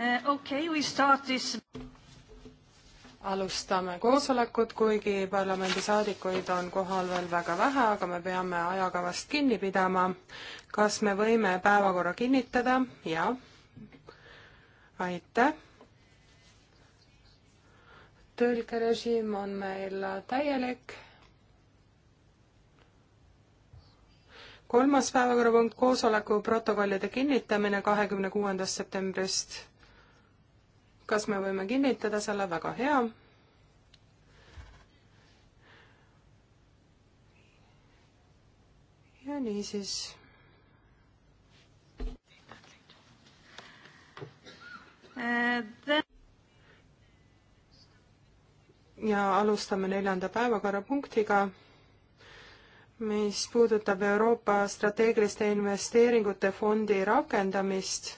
okei uh, okay,, we start this. alustame koosolekut, kuigi parlamendisaadikuid on kohal veel väga vähe, aga me peame ajakavast kinni pidama. kas me võime päevakorra kinnitada? jaa. aitäh. tõlkerežiim on meil täielik kolmas päevakorrapunkt, koosoleku protokollide kinnitamine kahekümne kuuendast septembrist kas me võime kinnitada selle, väga hea. ja niisiis. ja alustame neljanda päevakorrapunktiga mis puudutab Euroopa strateegiliste investeeringute fondi rakendamist,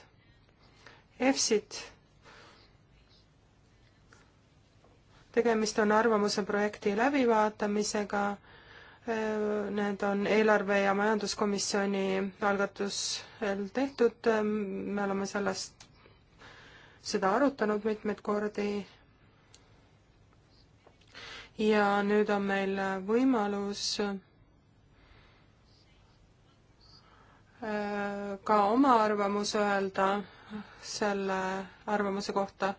EFSit tegemist on arvamuse projekti läbivaatamisega, need on eelarve- ja majanduskomisjoni algatusel tehtud, me oleme sellest, seda arutanud mitmeid kordi ja nüüd on meil võimalus äh, ka oma arvamus öelda selle arvamuse kohta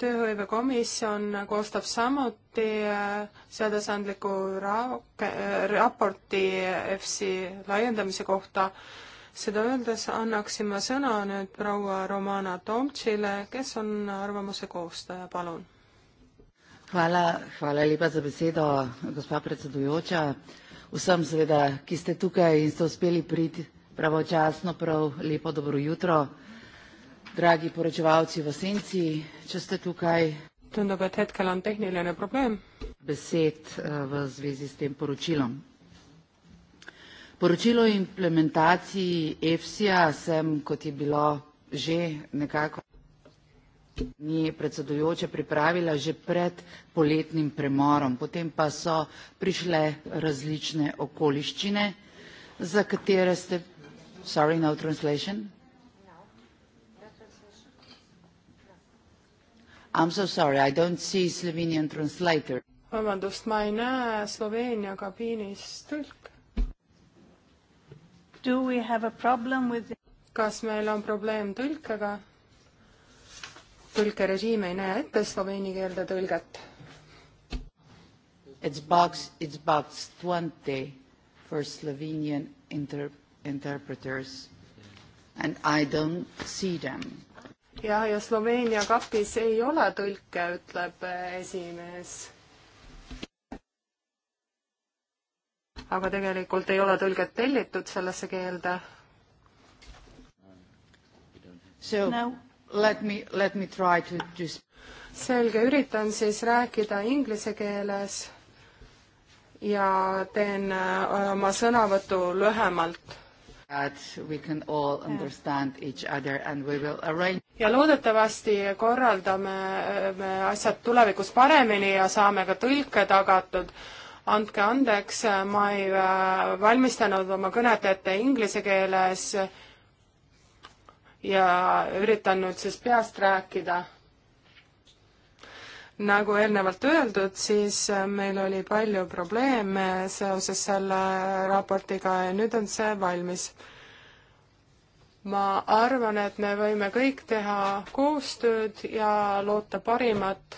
tööhõivekomisjon koostab samuti äh, seadusandliku ra-, äh, raporti EFSi laiendamise kohta. seda öeldes annaksin ma sõna nüüd proua Romana Tomtšile, kes on arvamuse koostaja, palun. Hvala, hvala lepa za besedo, gospa predsedujoča. Vsem seveda, ki ste tukaj in ste uspeli priti pravočasno, prav lepo dobro jutro dragi poročevalci v senci, če ste tukaj. tundub, et hetkel on tehniline probleem. besed eh, v zvezi s tem poročilom. Poročilo o implementaciji EFSI-ja sem, kot je bilo že nekako ni predsedujoča pripravila že pred poletnim premorom, potem pa so prišle različne okoliščine, za katere ste, sorry, no translation, I am so sorry, I don't see Slovenian translator. vabandust, ma ei näe Sloveenia kabiinis tõlke. Do we have a problem with kas meil on probleem tõlkega? tõlkerežiim ei näe ette sloveeni keelde tõlget. It's box, it's box twenty for Slovenian inter, interpreters and I don't see them jah, ja Sloveenia kapis ei ole tõlke, ütleb äh, esimees. aga tegelikult ei ole tõlget tellitud sellesse keelde. So no. let me, let me try to just selge, üritan siis rääkida inglise keeles ja teen äh, oma sõnavõtu lühemalt ja loodetavasti korraldame äh, me asjad tulevikus paremini ja saame ka tõlke tagatud. andke andeks, äh, ma ei äh, valmistanud oma kõnet ette inglise keeles ja üritan nüüd siis peast rääkida nagu eelnevalt öeldud, siis äh, meil oli palju probleeme seoses selle raportiga ja nüüd on see valmis. ma arvan, et me võime kõik teha koostööd ja loota parimat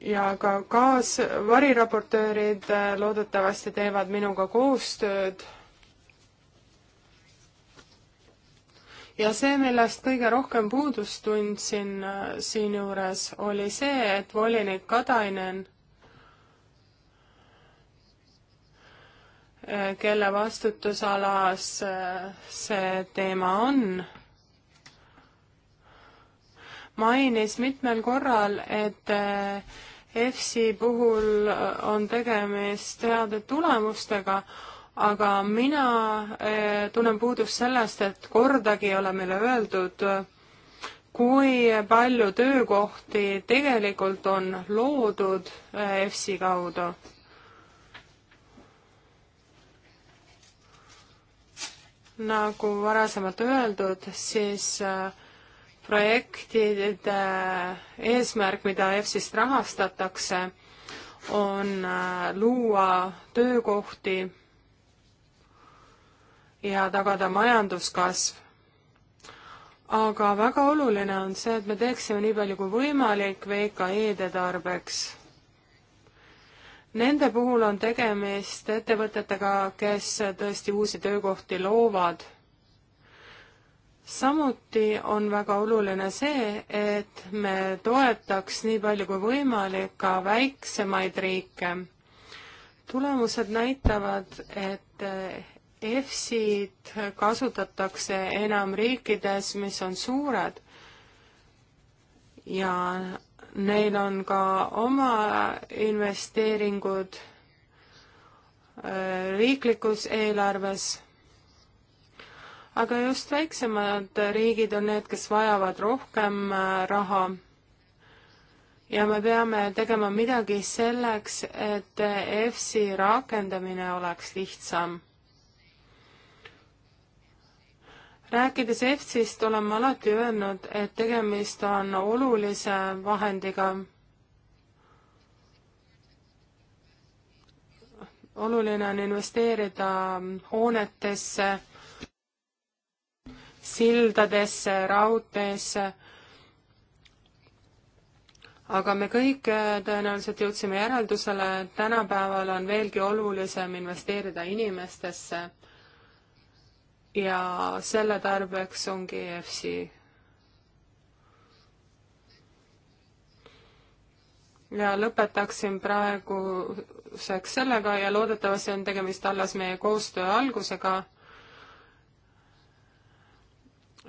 ja ka kaas-, variraportöörid äh, loodetavasti teevad minuga koostööd ja see, millest kõige rohkem puudust tundsin äh, siinjuures, oli see, et volinik Katainen, äh, kelle vastutusalas äh, see teema on, mainis mitmel korral, et EFSi puhul on tegemist heade tulemustega, aga mina eh, tunnen puudust sellest, et kordagi ei ole meile öeldud, kui palju töökohti tegelikult on loodud EFSI eh, kaudu. nagu varasemalt öeldud, siis eh, projektide eesmärk, mida EFSist rahastatakse, on luua töökohti ja tagada majanduskasv. aga väga oluline on see, et me teeksime nii palju kui võimalik VKE-de tarbeks. Nende puhul on tegemist ettevõtetega, kes tõesti uusi töökohti loovad samuti on väga oluline see, et me toetaks nii palju kui võimalik ka väiksemaid riike. tulemused näitavad, et EFSid kasutatakse enam riikides, mis on suured ja neil on ka oma investeeringud äh, riiklikus eelarves, aga just väiksemad riigid on need, kes vajavad rohkem äh, raha ja me peame tegema midagi selleks, et äh, EFSi rakendamine oleks lihtsam rääkides EFSist, olen ma alati öelnud, et tegemist on olulise vahendiga. oluline on investeerida hoonetesse, sildadesse, raudteesse, aga me kõik äh, tõenäoliselt jõudsime järeldusele, et tänapäeval on veelgi olulisem investeerida inimestesse ja selle tarbeks ongi EFC. ja lõpetaksin praeguseks sellega ja loodetavasti on tegemist alles meie koostöö algusega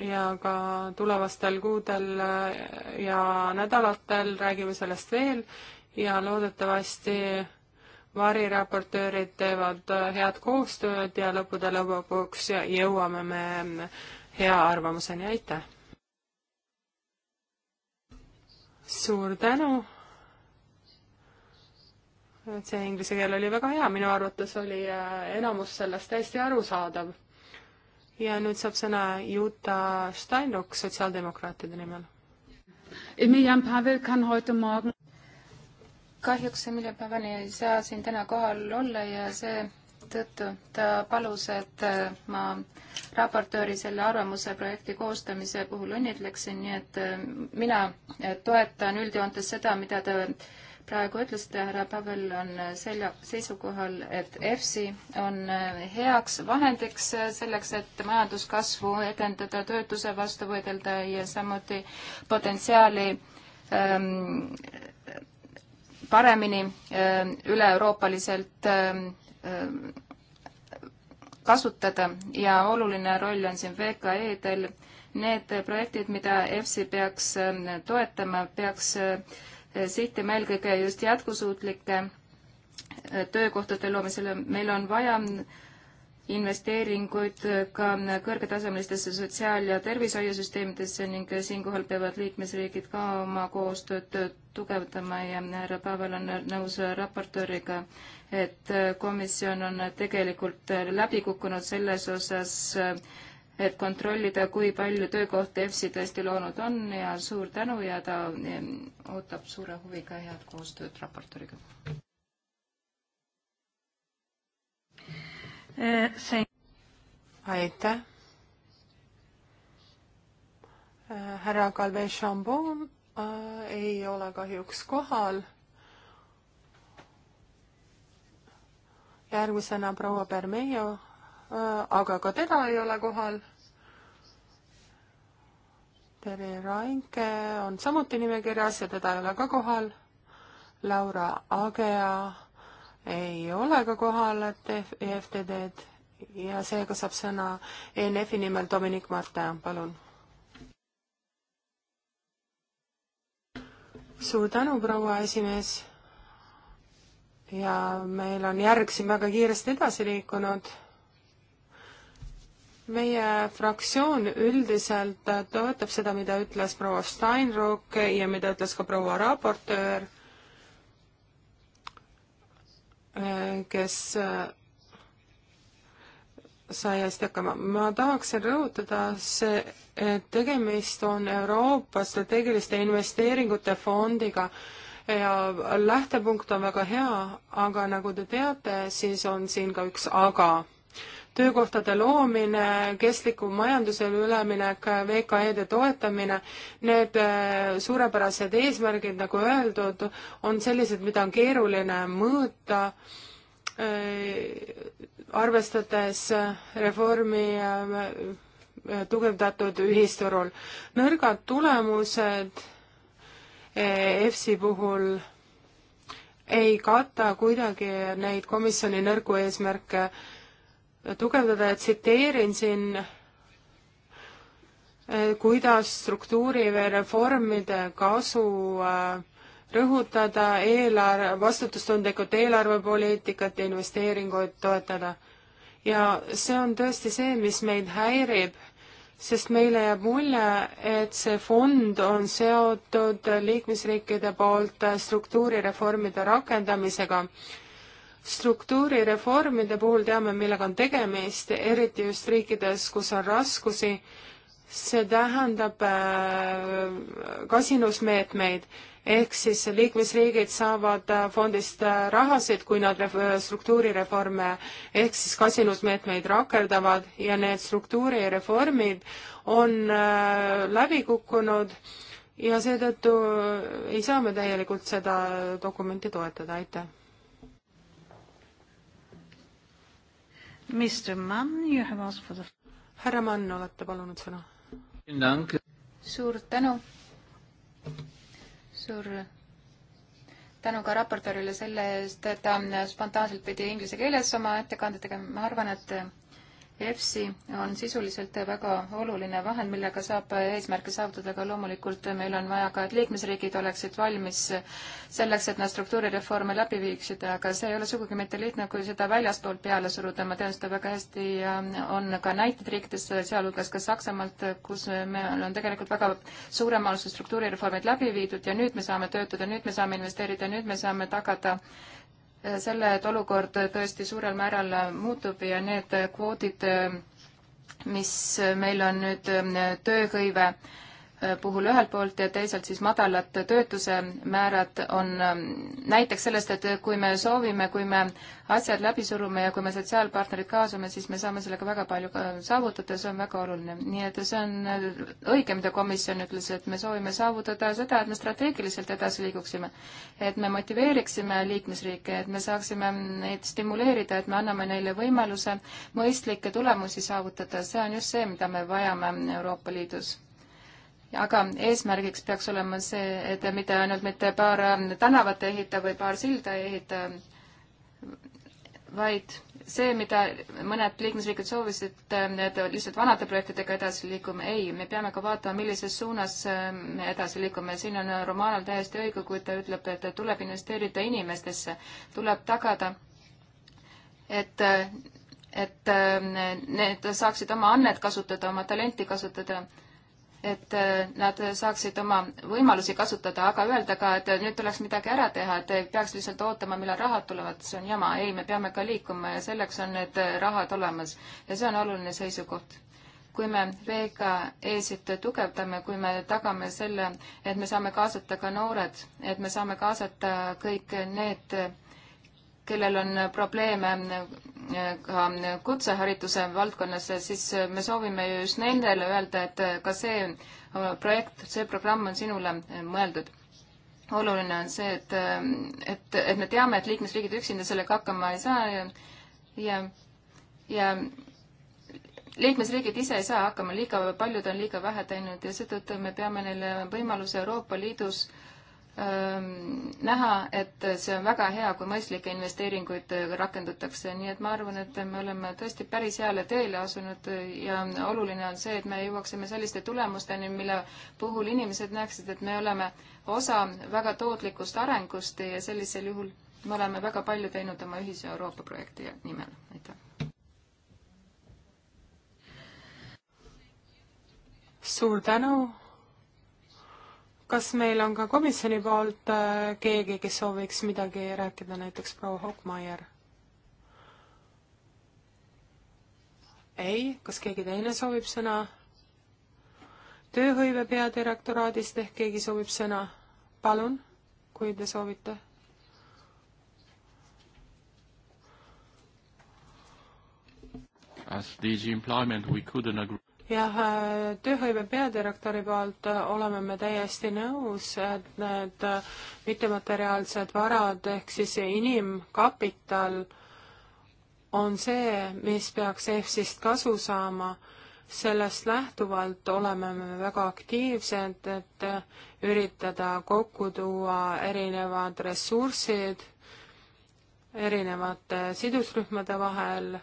ja ka tulevastel kuudel ja nädalatel räägime sellest veel ja loodetavasti variraportöörid teevad äh, head koostööd ja lõppude lõpuks jõuame me äh, hea arvamuseni, aitäh! suur tänu! et see inglise keel oli väga hea, minu arvates oli äh, enamus sellest täiesti arusaadav. ja nüüd saab sõna Juta Steinruck sotsiaaldemokraatide nimel. Emilian Pavel kann heute morgen kahjuks Emilia Pavani ei saa siin täna kohal olla ja seetõttu ta palus, et äh, ma raportööri selle arvamuse projekti koostamise puhul õnnitleksin, nii et äh, mina äh, toetan üldjoontes seda, mida te praegu ütlesite, härra Pavel on selja, seisukohal, et EFSI on heaks vahendiks selleks, et majanduskasvu edendada, töötuse vastu võidelda ja samuti potentsiaali ähm, paremini üle-euroopaliselt kasutada ja oluline roll on siin VKE-del. Need projektid, mida EFSI peaks toetama, peaks sihtima eelkõige just jätkusuutlike töökohtade loomisele. meil on vaja investeeringuid ka kõrgetasemelistesse sotsiaal- ja tervishoiusüsteemidesse ning siinkohal peavad liikmesriigid ka oma koostööd tugevdama ja härra Pavel on nõus raportööriga, et komisjon on tegelikult läbi kukkunud selles osas, et kontrollida, kui palju töökohti EFSI tõesti loonud on ja suur tänu ja ta ootab suure huviga head koostööd raportööriga. aitäh. härra Kalve Šambon äh, ei ole kahjuks kohal. järgmisena proua Bermejo, äh, aga ka teda ei ole kohal. Tere Rainke on samuti nimekirjas ja teda ei ole ka kohal. Laura Agea ei ole ka kohal EFTD-d e ja seega saab sõna ENF-i nimel Dominic Martin, palun. suur tänu, proua esimees. ja meil on järg siin väga kiiresti edasi liikunud. meie fraktsioon üldiselt toetab seda, mida ütles proua Steinruck ja mida ütles ka proua raportöör kes äh, sai hästi hakkama. ma tahaksin rõhutada see, et tegemist on Euroopa strateegiliste investeeringute fondiga ja lähtepunkt on väga hea, aga nagu te teate, siis on siin ka üks aga töökohtade loomine, kestliku majandusele üleminek, VKE-de toetamine, need äh, suurepärased eesmärgid, nagu öeldud, on sellised, mida on keeruline mõõta, äh, arvestades reformi äh, tugevdatud ühisturul. nõrgad tulemused EFSi puhul ei kata kuidagi neid komisjoni nõrgu eesmärke tugevdada ja tsiteerin siin, eh, kuidas struktuurireformide kasu eh, rõhutada eelarve, vastutustundlikult eelarvepoliitikat ja investeeringuid toetada. ja see on tõesti see, mis meid häirib, sest meile jääb mulje, et see fond on seotud liikmesriikide poolt struktuurireformide rakendamisega struktuurireformide puhul teame, millega on tegemist, eriti just riikides, kus on raskusi, see tähendab äh, kasinusmeetmeid, ehk siis liikmesriigid saavad äh, fondist äh, rahasid, kui nad struktuurireforme ehk siis kasinusmeetmeid rakendavad ja need struktuurireformid on läbi kukkunud ja seetõttu ei saa me täielikult seda dokumenti toetada, aitäh Mr Mann, you have asked for the härra Mann, olete palunud sõna. suur tänu. suur tänu ka raportöörile selle eest, et ta spontaanselt pidi inglise keeles oma ettekande tegema, ma arvan, et EFSI on sisuliselt väga oluline vahend, millega saab eesmärke saavutada, aga loomulikult meil on vaja ka, et liikmesriigid oleksid valmis selleks, et nad struktuurireforme läbi viiksid, aga see ei ole sugugi mitte lihtne, kui seda väljastpoolt peale suruda, ma tean seda väga hästi ja on ka näiteid riikidest, sealhulgas ka Saksamaalt, kus meil on tegelikult väga suuremahulised struktuurireformid läbi viidud ja nüüd me saame töötada, nüüd me saame investeerida, nüüd me saame tagada äh, selle, et olukord tõesti suurel määral muutub ja need kvoodid, mis meil on nüüd tööhõive äh, Äh, puhul ühelt poolt ja teisalt siis madalad töötuse määrad on ähm, näiteks sellest, et kui me soovime, kui me asjad läbi surume ja kui me sotsiaalpartnerid kaasame, siis me saame sellega väga palju äh, saavutada, see on väga oluline. nii et see on äh, õige, mida komisjon ütles, et me soovime saavutada seda, et me strateegiliselt edasi liiguksime. et me motiveeriksime liikmesriike, et me saaksime neid stimuleerida, et me anname neile võimaluse mõistlikke tulemusi saavutada, see on just see, mida me vajame Euroopa Liidus aga eesmärgiks peaks olema see, et mitte ainult mitte paar tänavat ei ehita või paar silda ei ehita, vaid see, mida mõned liikmesriigid soovisid, et lihtsalt vanade projektidega edasi liigume, ei, me peame ka vaatama, millises suunas ähm, me edasi liigume. siin on Romanov täiesti õige, kui ta ütleb, et tuleb investeerida inimestesse, tuleb tagada, et, et ähm, need saaksid oma annet kasutada, oma talenti kasutada et äh, nad saaksid oma võimalusi kasutada, aga öelda ka, et nüüd tuleks midagi ära teha, et ei peaks lihtsalt ootama, millal rahad tulevad, see on jama. ei, me peame ka liikuma ja selleks on need äh, rahad olemas ja see on oluline seisukoht. kui me VKE-sid tugevdame, kui me tagame selle, et me saame kaasata ka noored, et me saame kaasata kõik need kellel on probleeme eh, ka kutsehariduse valdkonnas, siis me soovime ju just nendele öelda, et ka see projekt, see programm on sinule mõeldud. oluline on see, et, et, et me teame, et liikmesriigid üksinda sellega hakkama ei saa ja, ja, ja liikmesriigid ise ei saa hakkama, liiga paljud on liiga vähe teinud ja seetõttu me peame neile võimaluse Euroopa Liidus äh, näha, et see on väga hea, kui mõistlikke investeeringuid rakendatakse, nii et ma arvan, et me oleme tõesti päris heale teele asunud ja oluline on see, et me jõuaksime selliste tulemusteni, mille puhul inimesed näeksid, et me oleme osa väga tootlikust arengust ja sellisel juhul me oleme väga palju teinud oma ühise Euroopa projekti nimel, aitäh. suur tänu kas meil on ka komisjoni poolt äh, keegi, kes sooviks midagi rääkida, näiteks proua Hockmeier? ei, kas keegi teine soovib sõna? tööhõive peadirektoraadist ehk keegi soovib sõna? palun, kui te soovite. As DG Employment we couldn't agree jah, tööhõive peadirektori poolt oleme me täiesti nõus, et need mittemateriaalsed varad ehk siis inimkapital on see, mis peaks EFSist kasu saama. sellest lähtuvalt oleme me väga aktiivsed, et üritada kokku tuua erinevad ressursid erinevate sidusrühmade vahel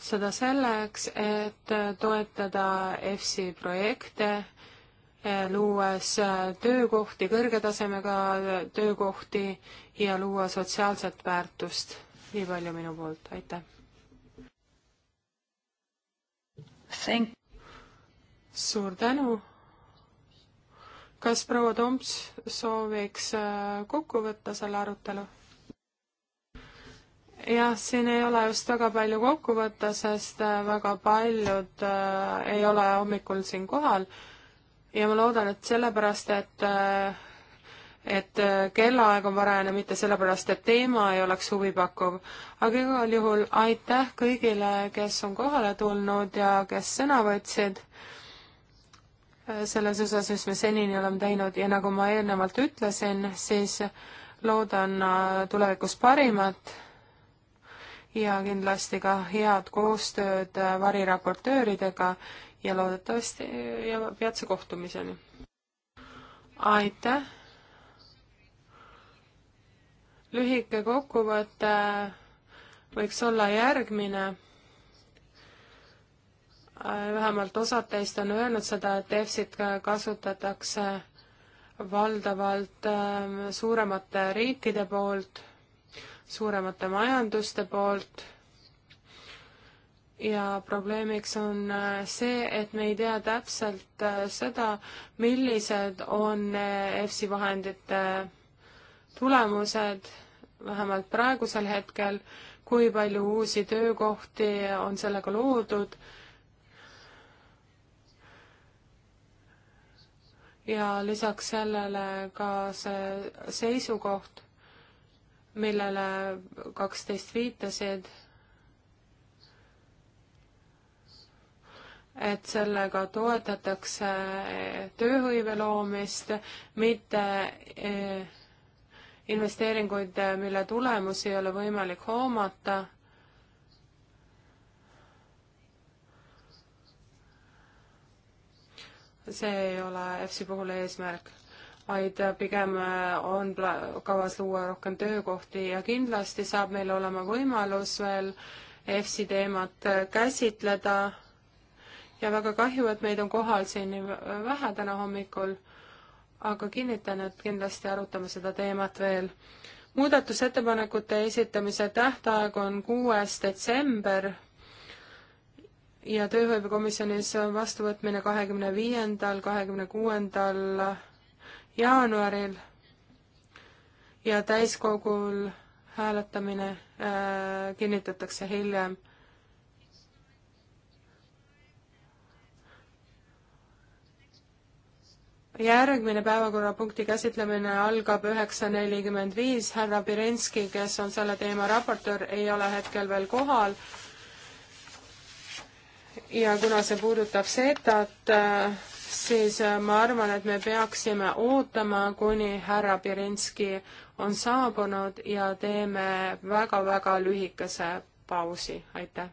seda selleks, et toetada EFSI projekte, luues töökohti, kõrge tasemega töökohti ja luua sotsiaalset väärtust. nii palju minu poolt, aitäh! suur tänu! kas proua Toms sooviks äh, kokku võtta selle arutelu? jah, siin ei ole just väga palju kokku võtta, sest äh, väga paljud äh, ei ole hommikul siin kohal ja ma loodan, et sellepärast, et äh, et äh, kellaaeg on varajane, mitte sellepärast, et teema ei oleks huvipakkuv. aga igal juhul aitäh kõigile, kes on kohale tulnud ja kes sõna võtsid äh, selles osas, mis me senini oleme teinud ja nagu ma eelnevalt ütlesin, siis loodan tulevikus parimat ja kindlasti ka head koostööd variraportööridega ja loodetavasti ja peatse kohtumiseni. aitäh! lühike kokkuvõte võiks olla järgmine. vähemalt osad teist on öelnud seda, et EFSit kasutatakse valdavalt ähm, suuremate riikide poolt suuremate majanduste poolt ja probleemiks on äh, see, et me ei tea täpselt äh, seda, millised on EFSI äh, vahendite tulemused, vähemalt praegusel hetkel, kui palju uusi töökohti on sellega loodud ja lisaks sellele ka see seisukoht millele kaksteist viitasid, et sellega toetatakse tööhõive loomist, mitte eh, investeeringuid, mille tulemusi ei ole võimalik hoomata. see ei ole EFSi puhul eesmärk vaid pigem äh, on kavas luua rohkem töökohti ja kindlasti saab meil olema võimalus veel EFSi teemat äh, käsitleda ja väga kahju, et meid on kohal siin nii vähe täna hommikul, aga kinnitan, et kindlasti arutame seda teemat veel. muudatusettepanekute esitamise tähtaeg on kuues detsember ja tööhõivekomisjonis vastuvõtmine kahekümne viiendal, kahekümne kuuendal jaanuaril ja täiskogul hääletamine äh, kinnitatakse hiljem. järgmine päevakorrapunkti käsitlemine algab üheksa nelikümmend viis, härra Pirenski, kes on selle teema raportöör, ei ole hetkel veel kohal. ja kuna see puudutab SETAt äh,, siis äh, ma arvan, et me peaksime ootama, kuni härra Pirinski on saabunud ja teeme väga-väga lühikese pausi, aitäh!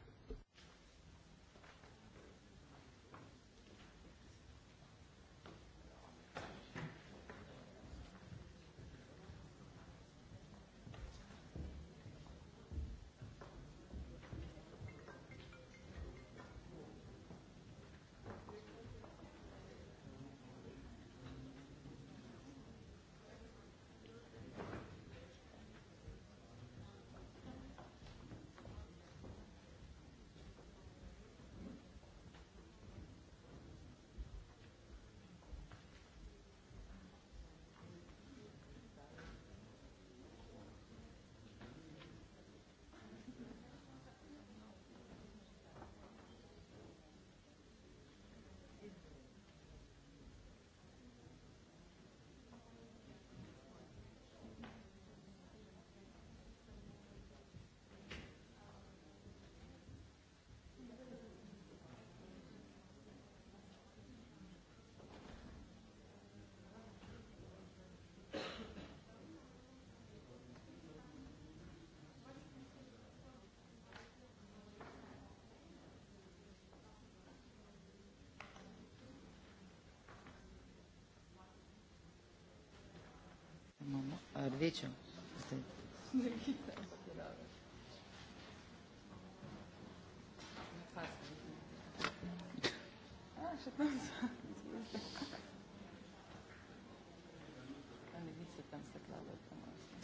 Mama, ar viečam?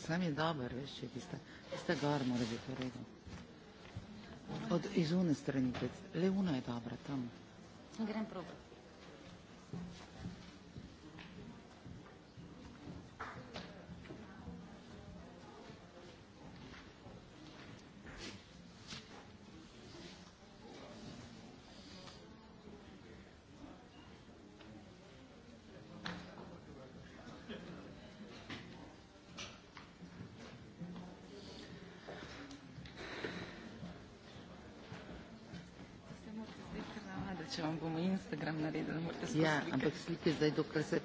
Sam je dobar, veš, če e tista, tista gor mora biti v redu. Od iz une strani, le una je dobra tam. Grem probati. да grem naredila. Ja, ampak slike zdaj, dokler se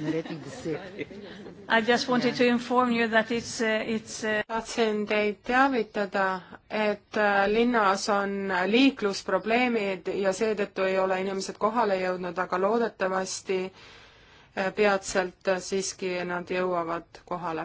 naredi deset. I just wanted to inform you that it's, uh, it's uh, tahtsin teid teavitada, et uh, linnas on liiklusprobleemid ja seetõttu ei ole inimesed kohale jõudnud, aga loodetavasti peatselt siiski nad jõuavad kohale.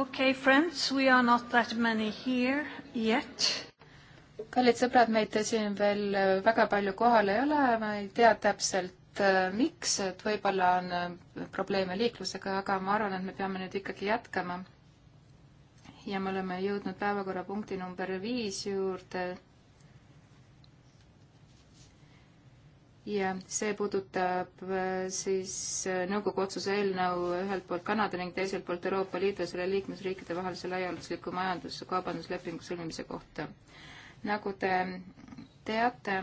okei okay,, friends, we are not that many here yet. kallid sõbrad, meid siin veel äh, väga palju kohal ei ole, ma ei tea täpselt, äh, miks, et võib-olla on äh, probleeme liiklusega, aga ma arvan, et me peame nüüd ikkagi jätkama. ja me oleme jõudnud päevakorrapunkti number viis juurde ja see puudutab äh, siis äh, nõukogu otsuse eelnõu ühelt poolt Kanada ning teiselt poolt Euroopa Liidu ja selle liikmesriikide vahelise laiaulatusliku majandus- ja kaubanduslepingu sõlmimise kohta. nagu te teate,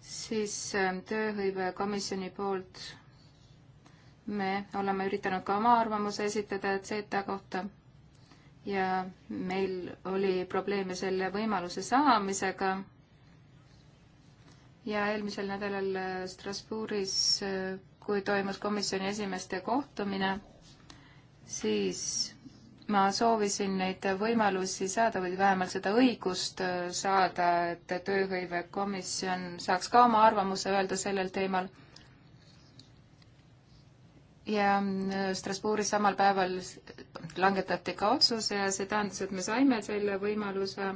siis äh, tööhõivekomisjoni poolt me oleme üritanud ka oma arvamuse esitada CETA kohta ja meil oli probleeme selle võimaluse saamisega ja eelmisel nädalal äh, Strasbourgis, äh, kui toimus komisjoni esimeeste kohtumine, siis ma soovisin neid võimalusi saada või vähemalt seda õigust äh, saada, et tööhõivekomisjon saaks ka oma arvamuse öelda sellel teemal. ja Strasbourgis samal päeval langetati ka otsus ja see tähendas, et me saime selle võimaluse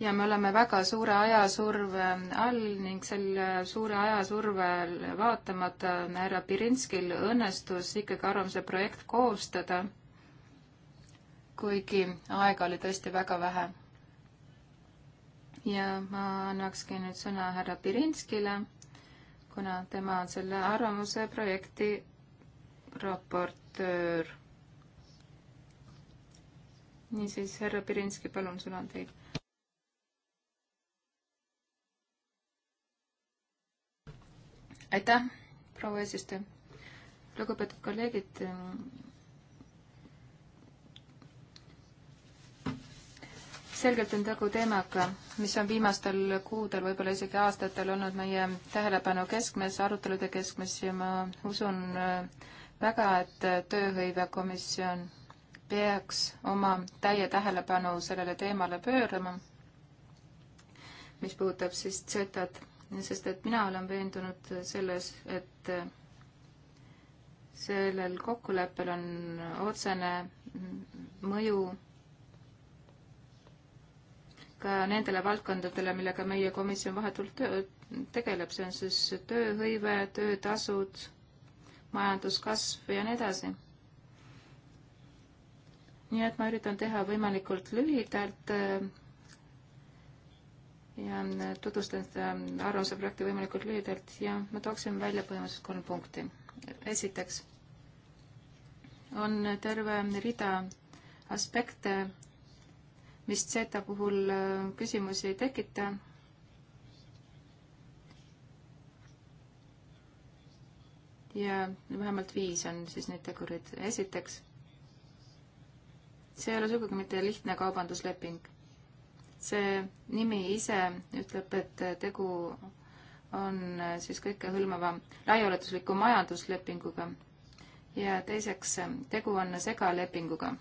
ja me oleme väga suure ajasurve all ning selle suure ajasurvel vaatamata härra Pirinskil õnnestus ikkagi arvamuse projekt koostada, kuigi aega oli tõesti väga vähe. ja ma annakski nüüd sõna härra Pirinskile, kuna tema on selle arvamuse projekti raportöör. niisiis, härra Pirinski, palun, sõna on teil aitäh, proua eesistuja. lugupeetud kolleegid. selgelt on tegu teemaga, mis on viimastel kuudel, võib-olla isegi aastatel olnud meie tähelepanu keskmes, arutelude keskmes ja ma usun äh, väga, et tööhõivekomisjon peaks oma täie tähelepanu sellele teemale pöörama, mis puudutab siis Z-d sest et mina olen veendunud selles, et sellel kokkuleppel on otsene mõju ka nendele valdkondadele, millega meie komisjon vahetult töö, tegeleb, see on siis tööhõive, töötasud, majanduskasv ja nii edasi. nii et ma üritan teha võimalikult lühidalt ja äh, tutvustan seda ähm, arvamuse projekti võimalikult lühidalt ja ma tooksin välja põhimõtteliselt kolm punkti. esiteks on terve rida aspekte, mis Zeta puhul äh, küsimusi ei tekita. ja vähemalt viis on siis neid tegureid. esiteks, see ei ole sugugi mitte lihtne kaubandusleping see nimi ise ütleb, et tegu on siis kõikehõlmava laiaulatusliku majanduslepinguga ja teiseks, tegu on segalepinguga.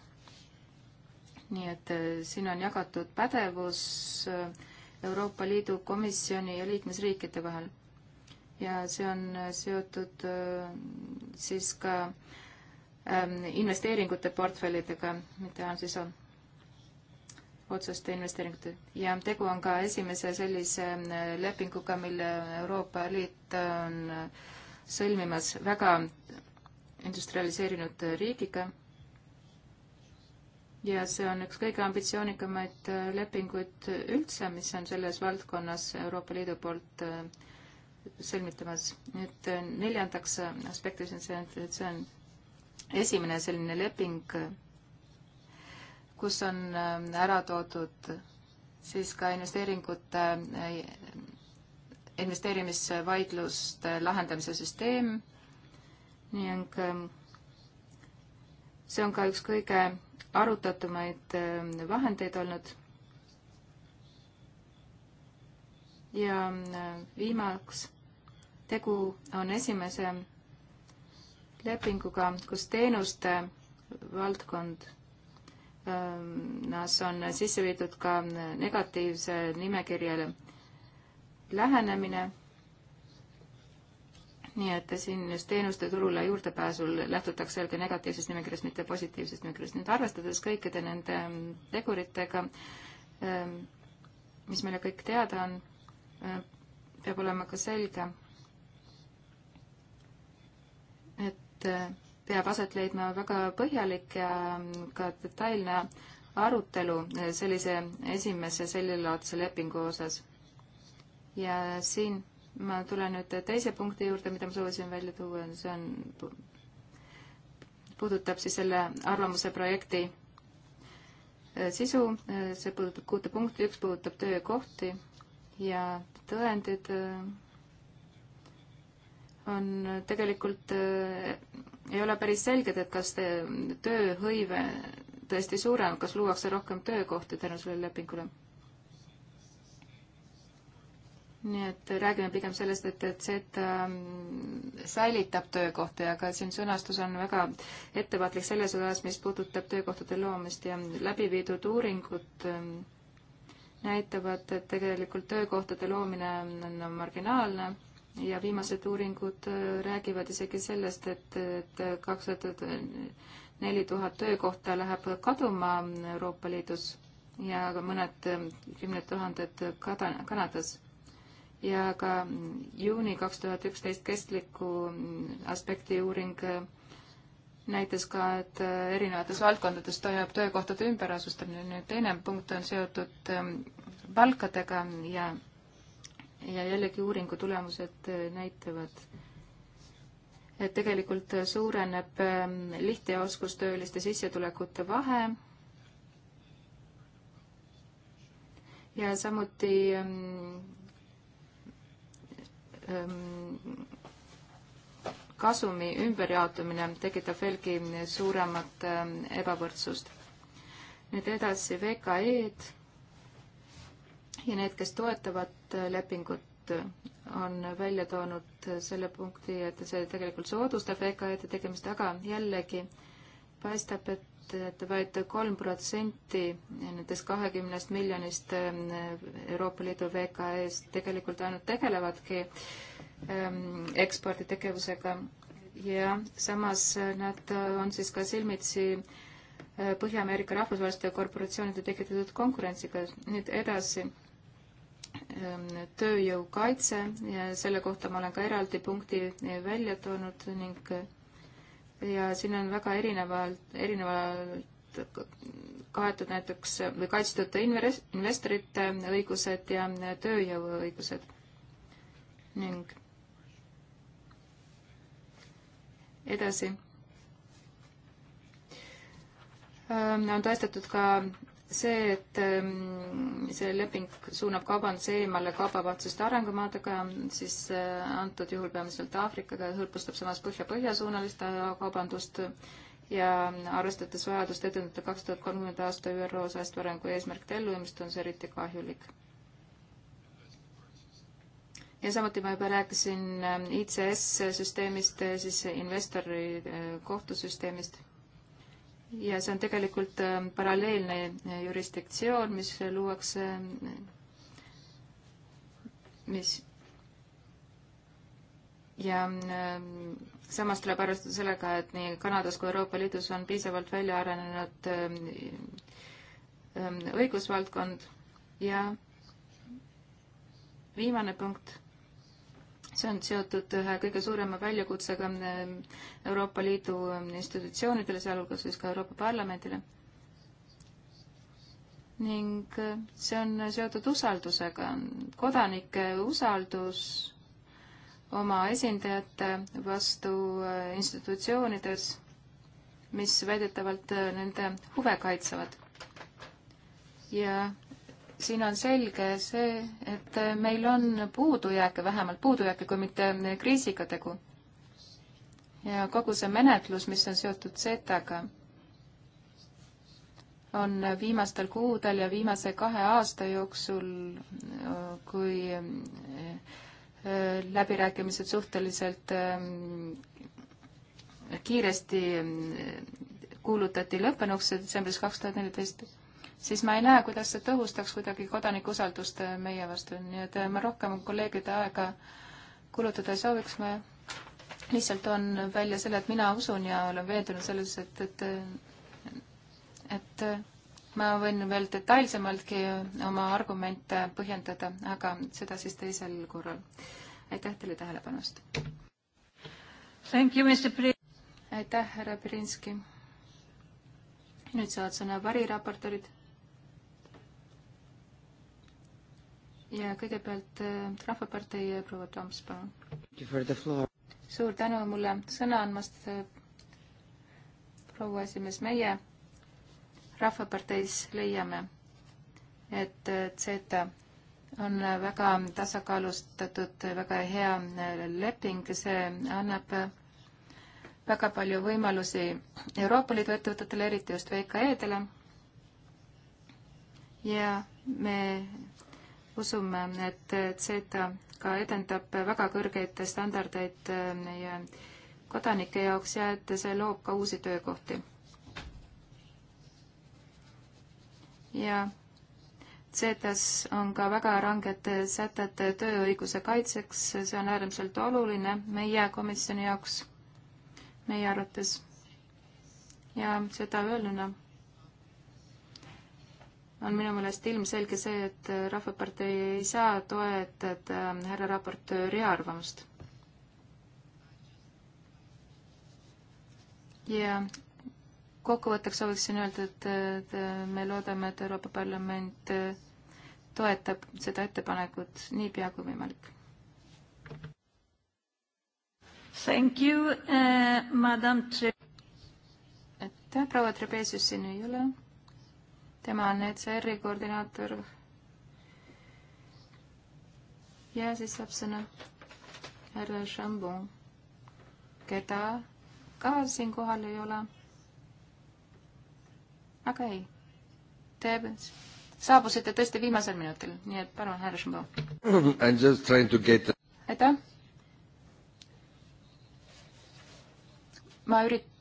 nii et eh, siin on jagatud pädevus eh, Euroopa Liidu Komisjoni ja liikmesriikide vahel. ja see on eh, seotud siis ka investeeringute portfellidega, mida on siis on otseste investeeringute ja tegu on ka esimese sellise äh, lepinguga, mille Euroopa Liit äh, on äh, sõlmimas väga industrialiseerinud riigiga. ja see on üks kõige ambitsioonikamaid lepinguid üldse, mis on selles valdkonnas Euroopa Liidu poolt sõlmitamas. nüüd neljandaks aspektiks on see, et see on esimene selline leping kus on ähm, ära toodud siis ka investeeringute, äh, investeerimisvaidluste lahendamise süsteem ning see on ka üks kõige arutatumaid ähm, vahendeid olnud. ja äh, viimaks, tegu on esimese lepinguga, kus teenuste valdkond Nas on sisse viidud ka negatiivse nimekirjale lähenemine. nii et siin just teenuste turule juurdepääsul lähtutakse jällegi negatiivsest nimekirjast, mitte positiivsest nimekirjast. nüüd arvestades kõikide nende teguritega, ähm, mis meile kõik teada on, äh, peab olema ka selge, et äh, peab aset leidma väga põhjalik ja mm, ka detailne arutelu e, sellise esimese sellelaadse lepingu osas. ja siin ma tulen nüüd teise punkti juurde, mida ma soovisin välja tuua, see on, puudutab siis selle arvamuse projekti e, sisu, e, see puudutab kuute punkti, üks puudutab töökohti ja tõendid on tegelikult, äh, ei ole päris selged, et kas tööhõive tõesti suurem, kas luuakse rohkem töökohti tänu sellele lepingule. nii et räägime pigem sellest, et, et see, et ähm, säilitab töökohti, aga siin sõnastus on väga ettevaatlik selles osas, mis puudutab töökohtade loomist ja läbi viidud uuringud ähm, näitavad, et tegelikult töökohtade loomine on marginaalne ja viimased uuringud äh, räägivad isegi sellest, et, et kakssada neli tuhat töökohta läheb kaduma Euroopa Liidus ja ka mõned äh, kümned tuhanded kada-, Kanadas. ja ka juuni kaks tuhat üksteist kestliku mm, aspekti uuring äh, näitas ka, et erinevates valdkondades toimub töökohtade ümberasustamine. nüüd teine punkt on seotud palkadega ja ja jällegi uuringu tulemused äh, näitavad, et tegelikult äh, suureneb ähm, liht- ja oskustööliste sissetulekute vahe ja samuti ähm, ähm, kasumi ümberjaotumine tekitab veelgi suuremat ebavõrdsust. nüüd edasi VKE-d ja need, kes toetavad lepingut, on välja toonud selle punkti, et see tegelikult soodustab EKA-de tegemist, aga jällegi paistab, et et vaid kolm protsenti nendest kahekümnest miljonist ähm, Euroopa Liidu VKE-st tegelikult ainult tegelevadki ähm, eksporditegevusega ja samas nad on siis ka silmitsi äh, Põhja-Ameerika rahvusvaheliste korporatsioonide tekitatud konkurentsiga. nüüd edasi Ähm, tööjõukaitse ja selle kohta ma olen ka eraldi punkti välja toonud ning äh, ja siin on väga erinevalt, erinevalt kaetud näiteks või kaitstud investorite õigused ja tööjõuõigused ning edasi ähm, on tõestatud ka see, et ähm, see leping suunab kaubanduse eemale kaubavahetusest arengumaadega, siis äh, antud juhul peamiselt Aafrikaga, hõlbustab samas põhja-põhja suunalist kaubandust ja arvestades vajadust edendada kaks tuhat kolmkümmend aasta ÜRO säästva arengu eesmärkide elluviimist, on see eriti kahjulik. ja samuti ma juba rääkisin ähm, ICS-süsteemist, siis investori äh, kohtusüsteemist ja see on tegelikult ähm, paralleelne äh, jurisdiktsioon, mis luuakse, äh, mis ja ähm, samas tuleb arvestada sellega, et nii Kanadas kui Euroopa Liidus on piisavalt välja arenenud ähm, õigusvaldkond ja viimane punkt see on seotud ühe kõige suurema väljakutsega eh, Euroopa Liidu eh, institutsioonidele, sealhulgas siis ka Euroopa Parlamendile. ning eh, see on seotud usaldusega, kodanike usaldus oma esindajate vastu institutsioonides, mis väidetavalt nende huve kaitsevad. ja siin on selge see, et meil on puudujääke, vähemalt puudujääke, kui mitte kriisiga tegu. ja kogu see menetlus, mis on seotud Z-ga, on viimastel kuudel ja viimase kahe aasta jooksul, kui eh, läbirääkimised suhteliselt eh, kiiresti eh, kuulutati lõppenuks detsembris kaks tuhat neliteist siis ma ei näe, kuidas see tõhustaks kuidagi kodanike usaldust äh, meie vastu, nii et äh, ma rohkem kolleegide aega kulutada ei sooviks, ma lihtsalt toon välja selle, et mina usun ja olen veendunud selles, et, et äh, et ma võin veel detailsemaltki oma argumente põhjendada, aga seda siis teisel korral. aitäh teile tähelepanu eest! aitäh, härra Pirinski! nüüd saavad sõna variraportorid ja kõigepealt äh, Rahvapartei äh, proua Toms, palun. suur tänu mulle sõna andmast, äh, proua esimees, meie Rahvaparteis leiame, et CETA on väga tasakaalustatud, väga hea leping, see annab väga palju võimalusi Euroopa Liidu ettevõtetele, eriti just VKE-dele ja me usume, et CETA ka edendab väga kõrgeid standardeid äh, meie kodanike jaoks ja et see loob ka uusi töökohti. ja CETA-s on ka väga ranged sätted tööõiguse kaitseks, see on äärmiselt oluline meie komisjoni jaoks, meie arvates. ja seda öelnuna on minu meelest ilmselge see, et Rahvapartei ei saa toetada ähm, härra raportööri arvamust. ja kokkuvõtteks sooviksin öelda, et, et äh, me loodame, et Euroopa Parlament äh, toetab seda ettepanekut niipea kui võimalik. Thank you uh,, äh, madam. aitäh, proua Trebesius siin ei ole tema on ECR-i koordinaator. ja siis saab sõna härra Šambon, keda ka siinkohal ei ole. aga ei, te saabusite tõesti viimasel minutil, nii et palun, härra Šambon. aitäh. ma üritan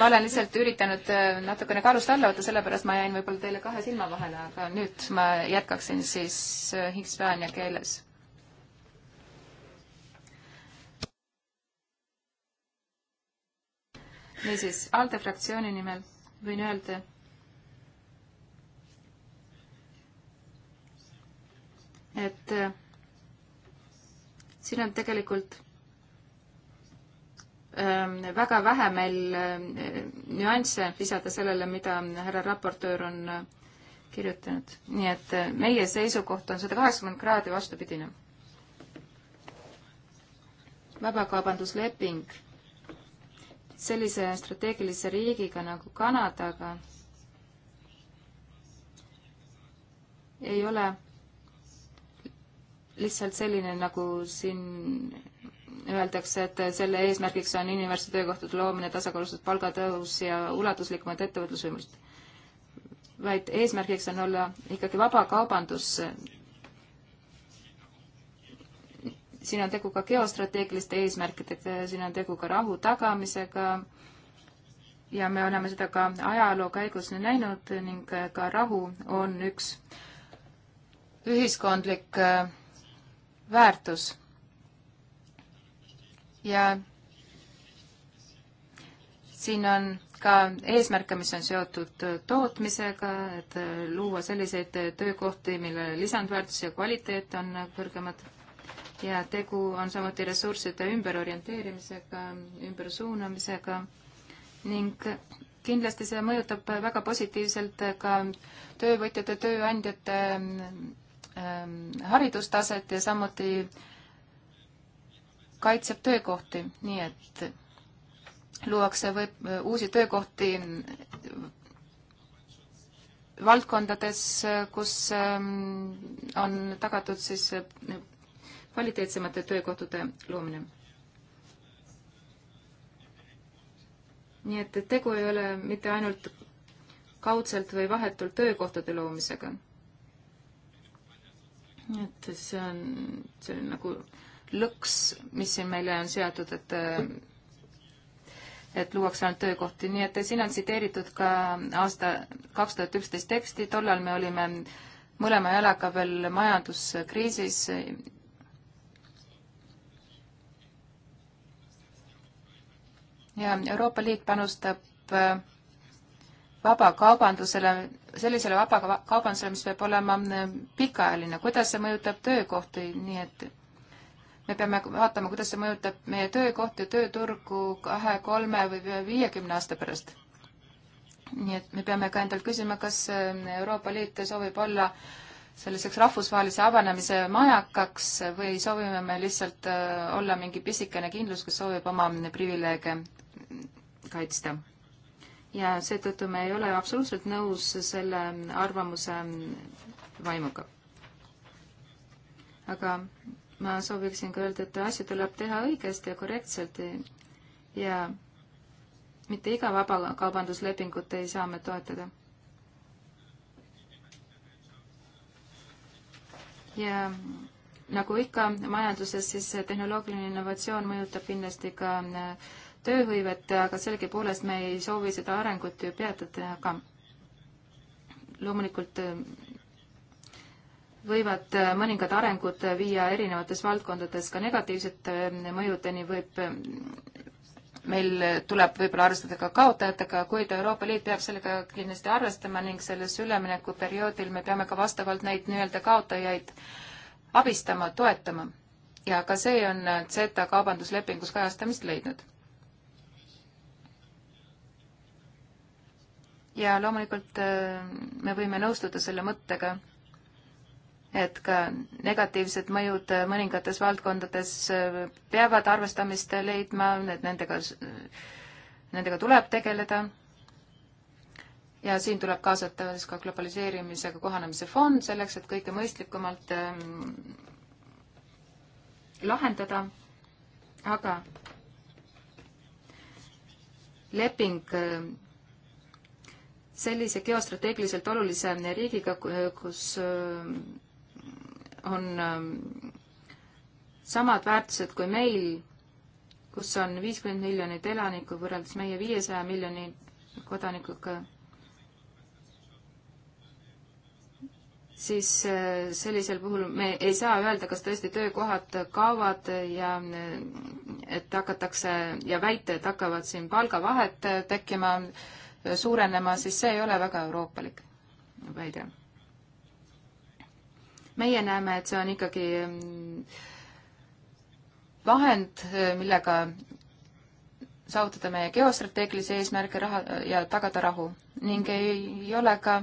ma olen lihtsalt üritanud äh, natukene kaalust alla võtta, sellepärast ma jäin võib-olla teile kahe silma vahele, aga nüüd ma jätkaksin siis äh, hispaania keeles. niisiis, ALDE fraktsiooni nimel võin öelda, et äh, siin on tegelikult Ähm, väga vähe meil äh, nüansse lisada sellele, mida härra raportöör on äh, kirjutanud. nii et äh, meie seisukoht on sada kaheksakümmend kraadi vastupidine. vabakaubandusleping sellise strateegilise riigiga nagu Kanadaga ei ole lihtsalt selline, nagu siin öeldakse, et selle eesmärgiks on inimväärse töökohtade loomine, tasakaalustatud palgatõus ja ulatuslikumad ettevõtlusvõimalused. vaid eesmärgiks on olla ikkagi vaba kaubandus. siin on tegu ka geostrateegiliste eesmärkidega, siin on tegu ka rahu tagamisega ja me oleme seda ka ajaloo käigus näinud ning ka rahu on üks ühiskondlik äh, väärtus ja siin on ka eesmärke, mis on seotud tootmisega, et luua selliseid töökohti, mille lisandväärtus ja kvaliteet on kõrgemad ja tegu on samuti ressursside ümberorienteerimisega, ümbersuunamisega ning kindlasti see mõjutab väga positiivselt ka töövõtjate, tööandjate ähm, haridustaset ja samuti äh, kaitseb töökohti, nii et luuakse või uusi töökohti valdkondades, kus ähm, on tagatud siis äh, kvaliteetsemate töökohtade loomine. nii et tegu ei ole mitte ainult kaudselt või vahetult töökohtade loomisega. et see on, see on nagu äh, lõks, mis siin meile on seatud, et et luuakse ainult töökohti, nii et siin on tsiteeritud ka aasta kaks tuhat üksteist teksti, tollal me olime mõlema jalaga veel majanduskriisis ja Euroopa Liit panustab äh, vabakaubandusele, sellisele vabakaubandusele, mis peab olema äh, pikaajaline, kuidas see mõjutab töökohti, nii et me peame vaatama, kuidas see mõjutab meie töökohti, tööturgu kahe, kolme või viiekümne aasta pärast. nii et me peame ka endalt küsima, kas äh, Euroopa Liit soovib olla selliseks rahvusvahelise avanemise majakaks või soovime me lihtsalt äh, olla mingi pisikene kindlus, kes soovib oma privileege kaitsta. ja seetõttu me ei ole absoluutselt nõus selle arvamuse vaimuga. aga ma sooviksin ka öelda, et asju tuleb teha õigesti ja korrektselt ja mitte iga vabakaubanduslepingut ei saa me toetada. ja nagu ikka majanduses, siis tehnoloogiline innovatsioon mõjutab kindlasti ka äh, tööhõivet, aga sellegipoolest me ei soovi seda arengut ju peatada, aga loomulikult äh, võivad äh, mõningad arengud äh, viia erinevates valdkondades ka negatiivsete äh, mõjudeni, võib, meil tuleb võib-olla arvestada ka kaotajatega, kuid Euroopa Liit peab sellega kindlasti arvestama ning selles üleminekuperioodil me peame ka vastavalt neid nii-öelda kaotajaid abistama, toetama. ja ka see on Zeta kaubanduslepingus kajastamist leidnud. ja loomulikult me võime nõustuda selle mõttega et ka negatiivsed mõjud mõningates valdkondades äh, peavad arvestamist leidma, et nendega, nendega tuleb tegeleda. ja siin tuleb kaasata siis ka globaliseerimisega kohanemise fond selleks, et kõike mõistlikumalt ähm, lahendada, aga leping äh, sellise geostrateegiliselt olulise riigiga, kus äh, on ähm, samad väärtused kui meil, kus on viiskümmend miljonit elanikku võrreldes meie viiesaja miljoni kodanikuga, siis äh, sellisel puhul me ei saa öelda, kas tõesti töökohad kaovad ja äh, et hakatakse ja väita, et hakkavad siin palgavahed tekkima, suurenema, siis see ei ole väga euroopalik väide meie näeme, et see on ikkagi mm, vahend, äh, millega saavutada meie geostrateegilisi eesmärke raha ja tagada rahu ning ei ole ka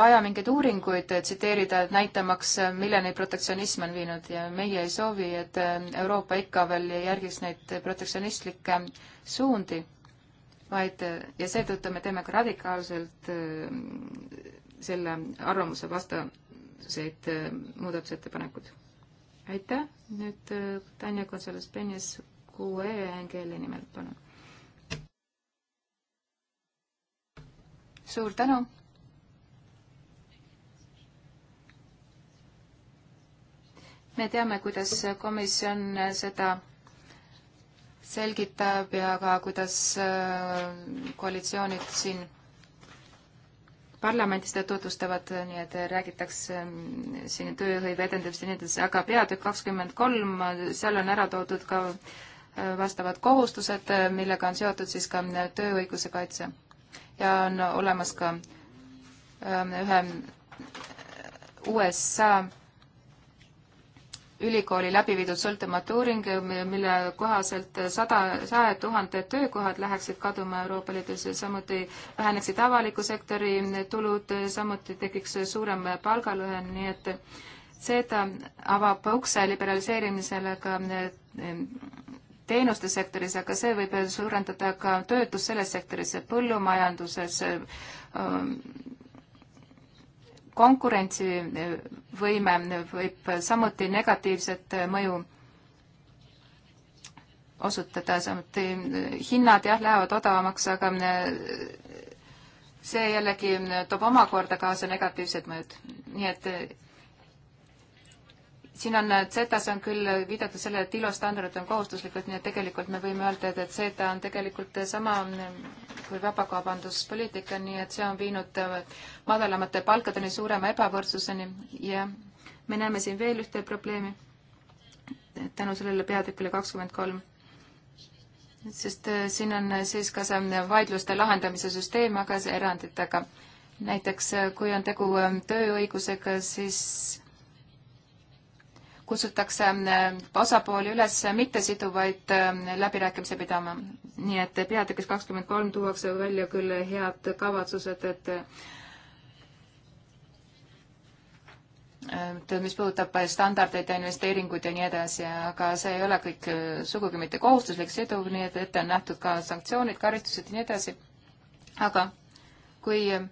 vaja mingeid uuringuid äh, tsiteerida, et näitamaks, äh, milleni protektsionism on viinud ja meie ei soovi, et Euroopa ikka veel järgiks neid protektsionistlikke suundi, vaid ja seetõttu me teeme ka radikaalselt selle arvamuse vasta, seesugused äh, muudatusettepanekud. aitäh, nüüd äh, Tanja Gonzalez-Penjas QE NGL-i nimel, palun. suur tänu. me teame, kuidas komisjon seda selgitab ja ka kuidas äh, koalitsioonid siin parlamendis seda tutvustavad, nii et räägitakse ähm, siin tööhõive edendamist ja nii edasi, aga peatükk kakskümmend kolm, seal on ära toodud ka äh, vastavad kohustused, äh, millega on seotud siis ka äh, tööõiguse kaitse. ja on olemas ka ähm, ühe USA ülikooli läbi viidud sõltumatu uuring, mille kohaselt sada, sajad tuhanded töökohad läheksid kaduma Euroopa Liidus, samuti väheneksid avaliku sektori tulud, samuti tekiks suurem palgalõhe, nii et seda avab ukse liberaliseerimisele ka ehm, teenuste sektoris, aga see võib suurendada ka töötust selles sektoris, põllumajanduses, ehm, konkurentsivõime võib samuti negatiivset mõju osutada, samuti hinnad jah, lähevad odavamaks, aga äh, see jällegi toob omakorda kaasa negatiivsed mõjud. nii et äh, siin on, Z-s on küll viidatud sellele, et ILO standardid on kohustuslikud, nii et tegelikult me võime öelda, et, et Z on tegelikult sama kui vabakaubanduspoliitika, nii et see on viinud madalamate palkadeni, suurema ebavõrdsuseni ja me näeme siin veel ühte probleemi tänu sellele peatükile kakskümmend kolm. sest äh, siin on siis ka see vaidluste lahendamise süsteem, aga see eranditega. näiteks äh, kui on tegu äh, tööõigusega, siis kutsutakse ähm, osapooli üles mittesiduvaid ähm, läbirääkimisi pidama. nii et peatükis kakskümmend kolm tuuakse välja küll head kavatsused, et et mis puudutab standardeid ja investeeringuid ja nii edasi, aga see ei ole kõik äh, sugugi mitte kohustuslik siduv, nii et ette on nähtud ka sanktsioonid, karistused ja nii edasi. aga kui äh,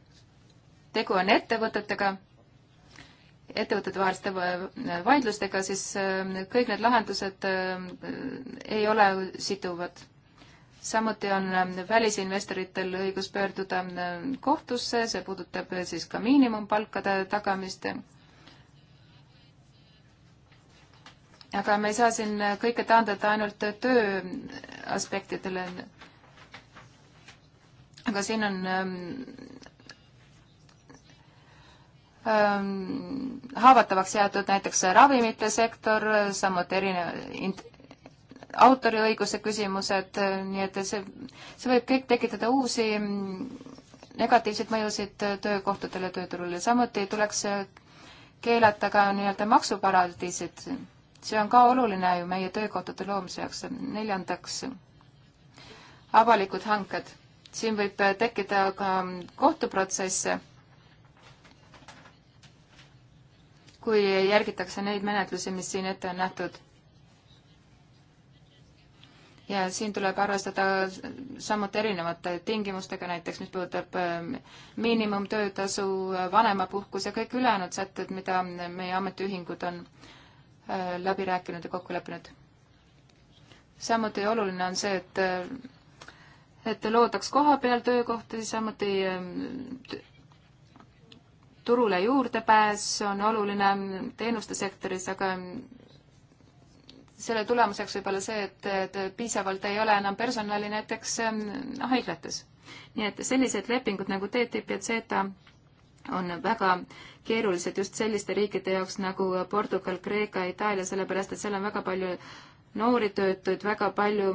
tegu on ettevõtetega, ettevõtete vaheliste vaidlustega, siis äh, kõik need lahendused äh, ei ole siduvad. samuti on äh, välisinvestoritel õigus pöörduda kohtusse, see puudutab siis ka miinimumpalkade tagamist. aga me ei saa siin kõike taandada ainult töö aspektidele aga siin on ähm, Ähm, haavatavaks jäetud näiteks ravimite sektor, samuti erinevad autoriõiguse küsimused, nii et see, see võib kõik tekitada uusi mm, negatiivseid mõjusid töökohtadele, tööturule. samuti tuleks keelata ka nii-öelda maksuparadiisid. see on ka oluline ju meie töökohtade loomise jaoks. neljandaks, avalikud hanked. siin võib tekkida ka kohtuprotsesse kui järgitakse neid menetlusi, mis siin ette on nähtud. ja siin tuleb arvestada samuti erinevate tingimustega, näiteks mis puudutab ähm, miinimumtöötasu, äh, vanemapuhkus ja kõik ülejäänud sätted, mida meie ametiühingud on äh, läbi rääkinud ja kokku leppinud. samuti oluline on see, et äh, et loodaks koha peal töökohti, samuti ähm, turule juurdepääs on oluline teenuste sektoris, aga selle tulemuseks võib olla see, et, et piisavalt ei ole enam personali näiteks ähm, noh, haiglates. nii et sellised lepingud nagu TTIP ja CETA on väga keerulised just selliste riikide jaoks nagu Portugal, Kreeka, Itaalia, sellepärast et seal on väga palju noori töötuid, väga palju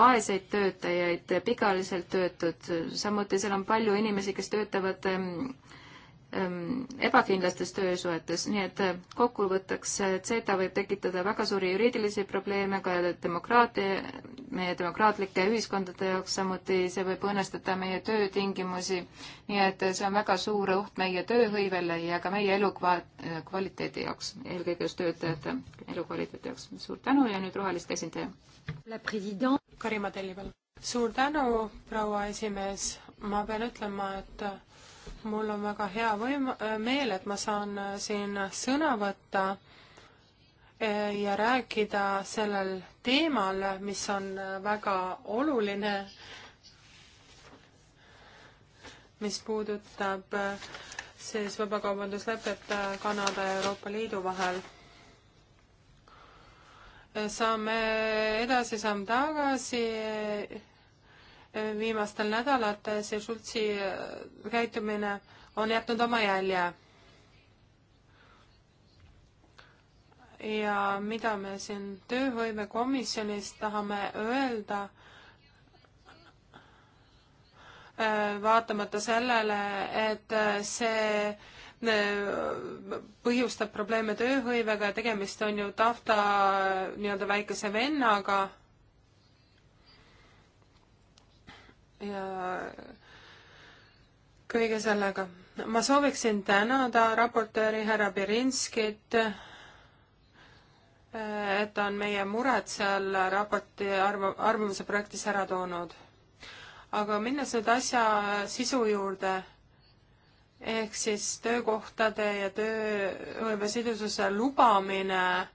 vaeseid töötajaid, pikaajaliselt töötud, samuti seal on palju inimesi, kes töötavad ähm, Ähm, ebakindlastes töösuhetes, nii et äh, kokkuvõtteks äh, CETA võib tekitada väga suuri juriidilisi probleeme ka demokraatia, meie demokraatlike ühiskondade jaoks, samuti see võib õõnestada meie töötingimusi, nii et äh, see on väga suur oht meie tööhõivele ja ka meie elukvaliteedi jaoks, eelkõige just töötajate elukvaliteedi jaoks. suur tänu ja nüüd roheliste esindaja. Karima Tellipäev. suur tänu, proua esimees, ma pean ütlema, et mul on väga hea võim-, äh, meel, et ma saan äh, siin sõna võtta äh, ja rääkida sellel teemal, mis on väga oluline, mis puudutab siis vabakaubanduslepet Kanada ja Euroopa Liidu vahel. saame edasi, samm tagasi viimastel nädalatel see Schultzi äh, käitumine on jätnud oma jälje. ja mida me siin tööhõivekomisjonis tahame öelda äh, vaatamata sellele, et äh, see põhjustab probleeme tööhõivega ja tegemist on ju tahta nii-öelda väikese vennaga, ja kõige sellega. ma sooviksin tänada raportööri härra Berinskit, et ta on meie mured seal raporti arv-, arvamuse projektis ära toonud. aga minnes nüüd asja sisu juurde, ehk siis töökohtade ja tööhõive sidususe lubamine,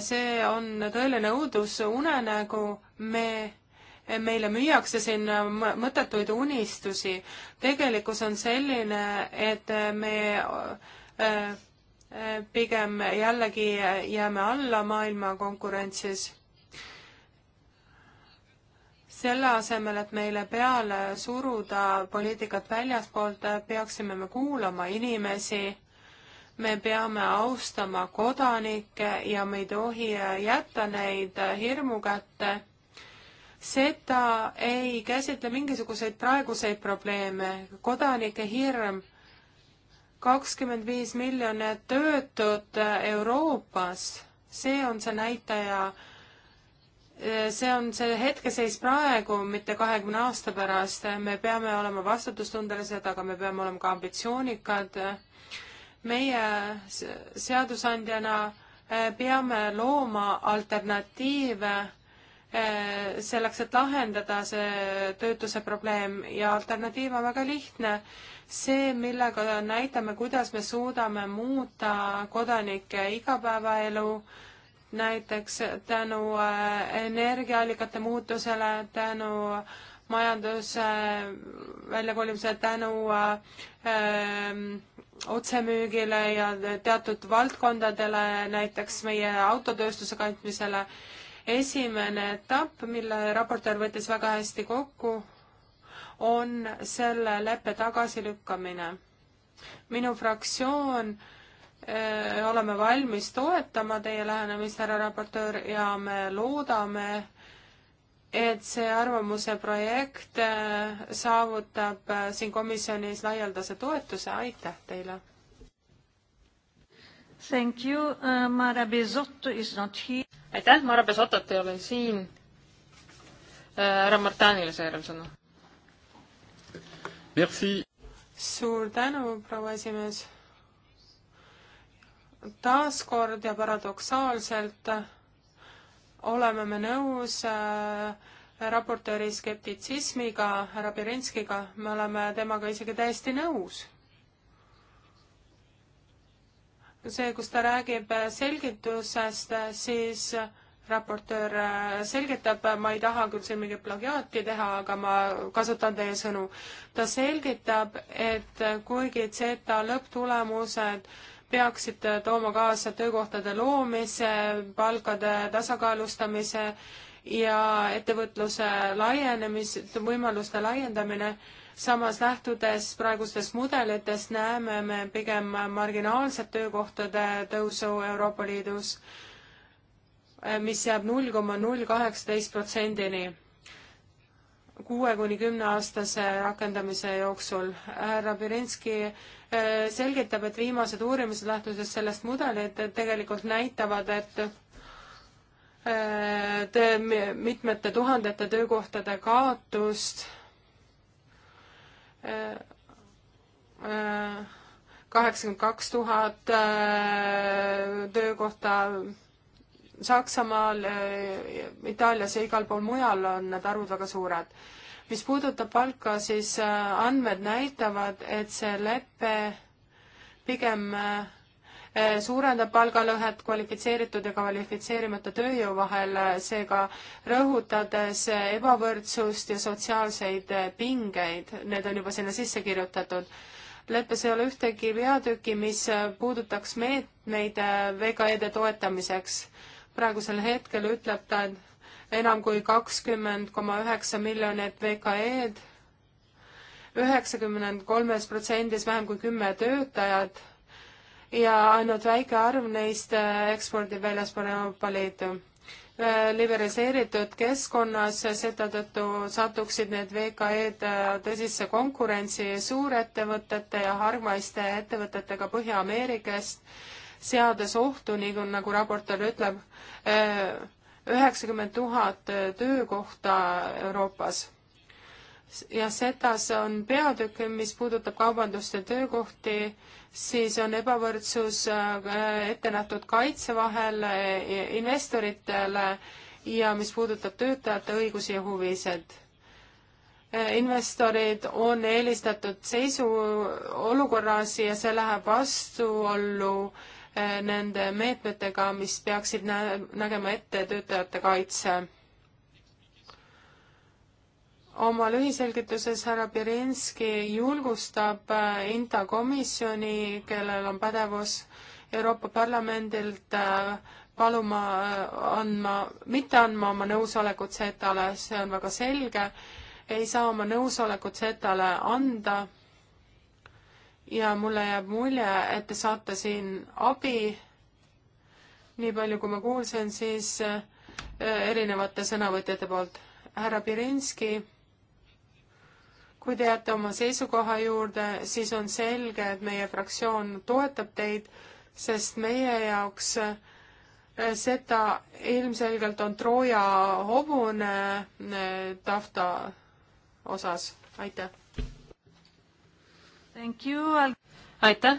see on tõeline õudus, unenägu, me meile müüakse siin mõttetuid unistusi. tegelikkus on selline, et me pigem jällegi jääme alla maailma konkurentsis. selle asemel, et meile peale suruda poliitikat väljaspoolt, peaksime me kuulama inimesi me peame austama kodanikke ja me ei tohi jätta neid hirmu kätte seda ei käsitle mingisuguseid praeguseid probleeme, kodanike hirm, kakskümmend viis miljonit töötut äh, Euroopas, see on see näitaja, äh, see on see hetkeseis praegu, mitte kahekümne aasta pärast, me peame olema vastutustundelised, aga me peame olema ka ambitsioonikad. meie seadusandjana äh, peame looma alternatiive Äh, selleks, et lahendada see töötuse probleem ja alternatiiv on väga lihtne. see, millega näitame, kuidas me suudame muuta kodanike igapäevaelu, näiteks tänu äh, energiaallikate muutusele, tänu äh, majanduse väljakolimisele, tänu öö, ähm, otsemüügile ja teatud valdkondadele, näiteks meie autotööstuse kandmisele esimene etapp, mille raportöör võttis väga hästi kokku, on selle leppe tagasilükkamine. minu fraktsioon öö, äh, oleme valmis toetama teie lähenemist, härra raportöör, ja me loodame, et see arvamuse projekt äh, saavutab äh, siin komisjonis laialdase toetuse, aitäh teile! Thank you uh,, Mara Bezotto is not here. aitäh, Mara Bezotot ei ole siin. Uh, härra Martanile seejärel sõna. Merci. suur tänu, proua esimees. taaskord ja paradoksaalselt oleme me nõus äh, raportööri skeptitsismiga, härra Pirinskiga, me oleme temaga isegi täiesti nõus see, kus ta räägib äh, selgitusest, äh, siis äh, raportöör selgitab, ma ei taha küll siin mingit plagiaati teha, aga ma kasutan teie sõnu. ta selgitab, et kuigi Zeta lõpptulemused peaksid tooma kaasa töökohtade loomise, palkade tasakaalustamise ja ettevõtluse laienemis, võimaluste laiendamine, samas lähtudes praegustest mudelitest näeme me pigem marginaalset töökohtade tõusu Euroopa Liidus, eh, mis jääb null koma null kaheksateist protsendini kuue kuni kümne aastase rakendamise jooksul. härra Pirinski eh, selgitab, et viimased uurimused lähtudes sellest mudelit tegelikult näitavad, et eh, mitmete tuhandete töökohtade kaotust kaheksakümmend kaks tuhat äh, töökohta Saksamaal, äh, Itaalias ja igal pool mujal on need arvud väga suured. mis puudutab palka, siis äh, andmed näitavad, et see lepe pigem äh, Eh, suurendab palgalõhet kvalifitseeritud ja kvalifitseerimata tööjõu vahel, eh, seega rõhutades ebavõrdsust ja sotsiaalseid eh, pingeid, need on juba sinna sisse kirjutatud leppes ei ole ühtegi peatükki, mis puudutaks meetmeid VKE-de toetamiseks. praegusel hetkel ütleb ta, et enam kui kakskümmend koma üheksa miljonit VKE-d, üheksakümmend kolmes protsendis vähem kui kümme töötajat ja ainult väike arv neist äh, ekspordib väljaspool Euroopa Liitu. Äh, liberaliseeritud keskkonnas seda tõttu satuksid need VKE-d äh, tõsisse konkurentsi suurettevõtete ja hargmaiste ettevõtetega Põhja-Ameerikast, seades ohtu, nii nagu, nagu raportöör ütleb, üheksakümmend tuhat töökohta Euroopas ja setas on peatükk, mis puudutab kaubandust ja töökohti, siis on ebavõrdsus äh, ette nähtud kaitse vahel äh, investoritele ja mis puudutab töötajate õigusi ja huvisid äh, investorid on eelistatud seisuolukorras ja see läheb vastuollu nende meetmetega, mis peaksid nägema ette töötajate kaitse oma lühiselgituses härra Pirinski julgustab äh, INTA komisjoni, kellel on pädevus Euroopa Parlamendilt äh, paluma äh, andma, mitte andma oma nõusolekut setale, see on väga selge, ei saa oma nõusolekut setale anda ja mulle jääb mulje, et te saate siin abi, nii palju kui ma kuulsin, siis erinevate sõnavõtjate poolt. härra Pirinski kui te jääte oma seisukoha juurde, siis on selge, et meie fraktsioon toetab teid, sest meie jaoks eh, seda ilmselgelt on Trooja hobune eh, tafta osas, aitäh. aitäh,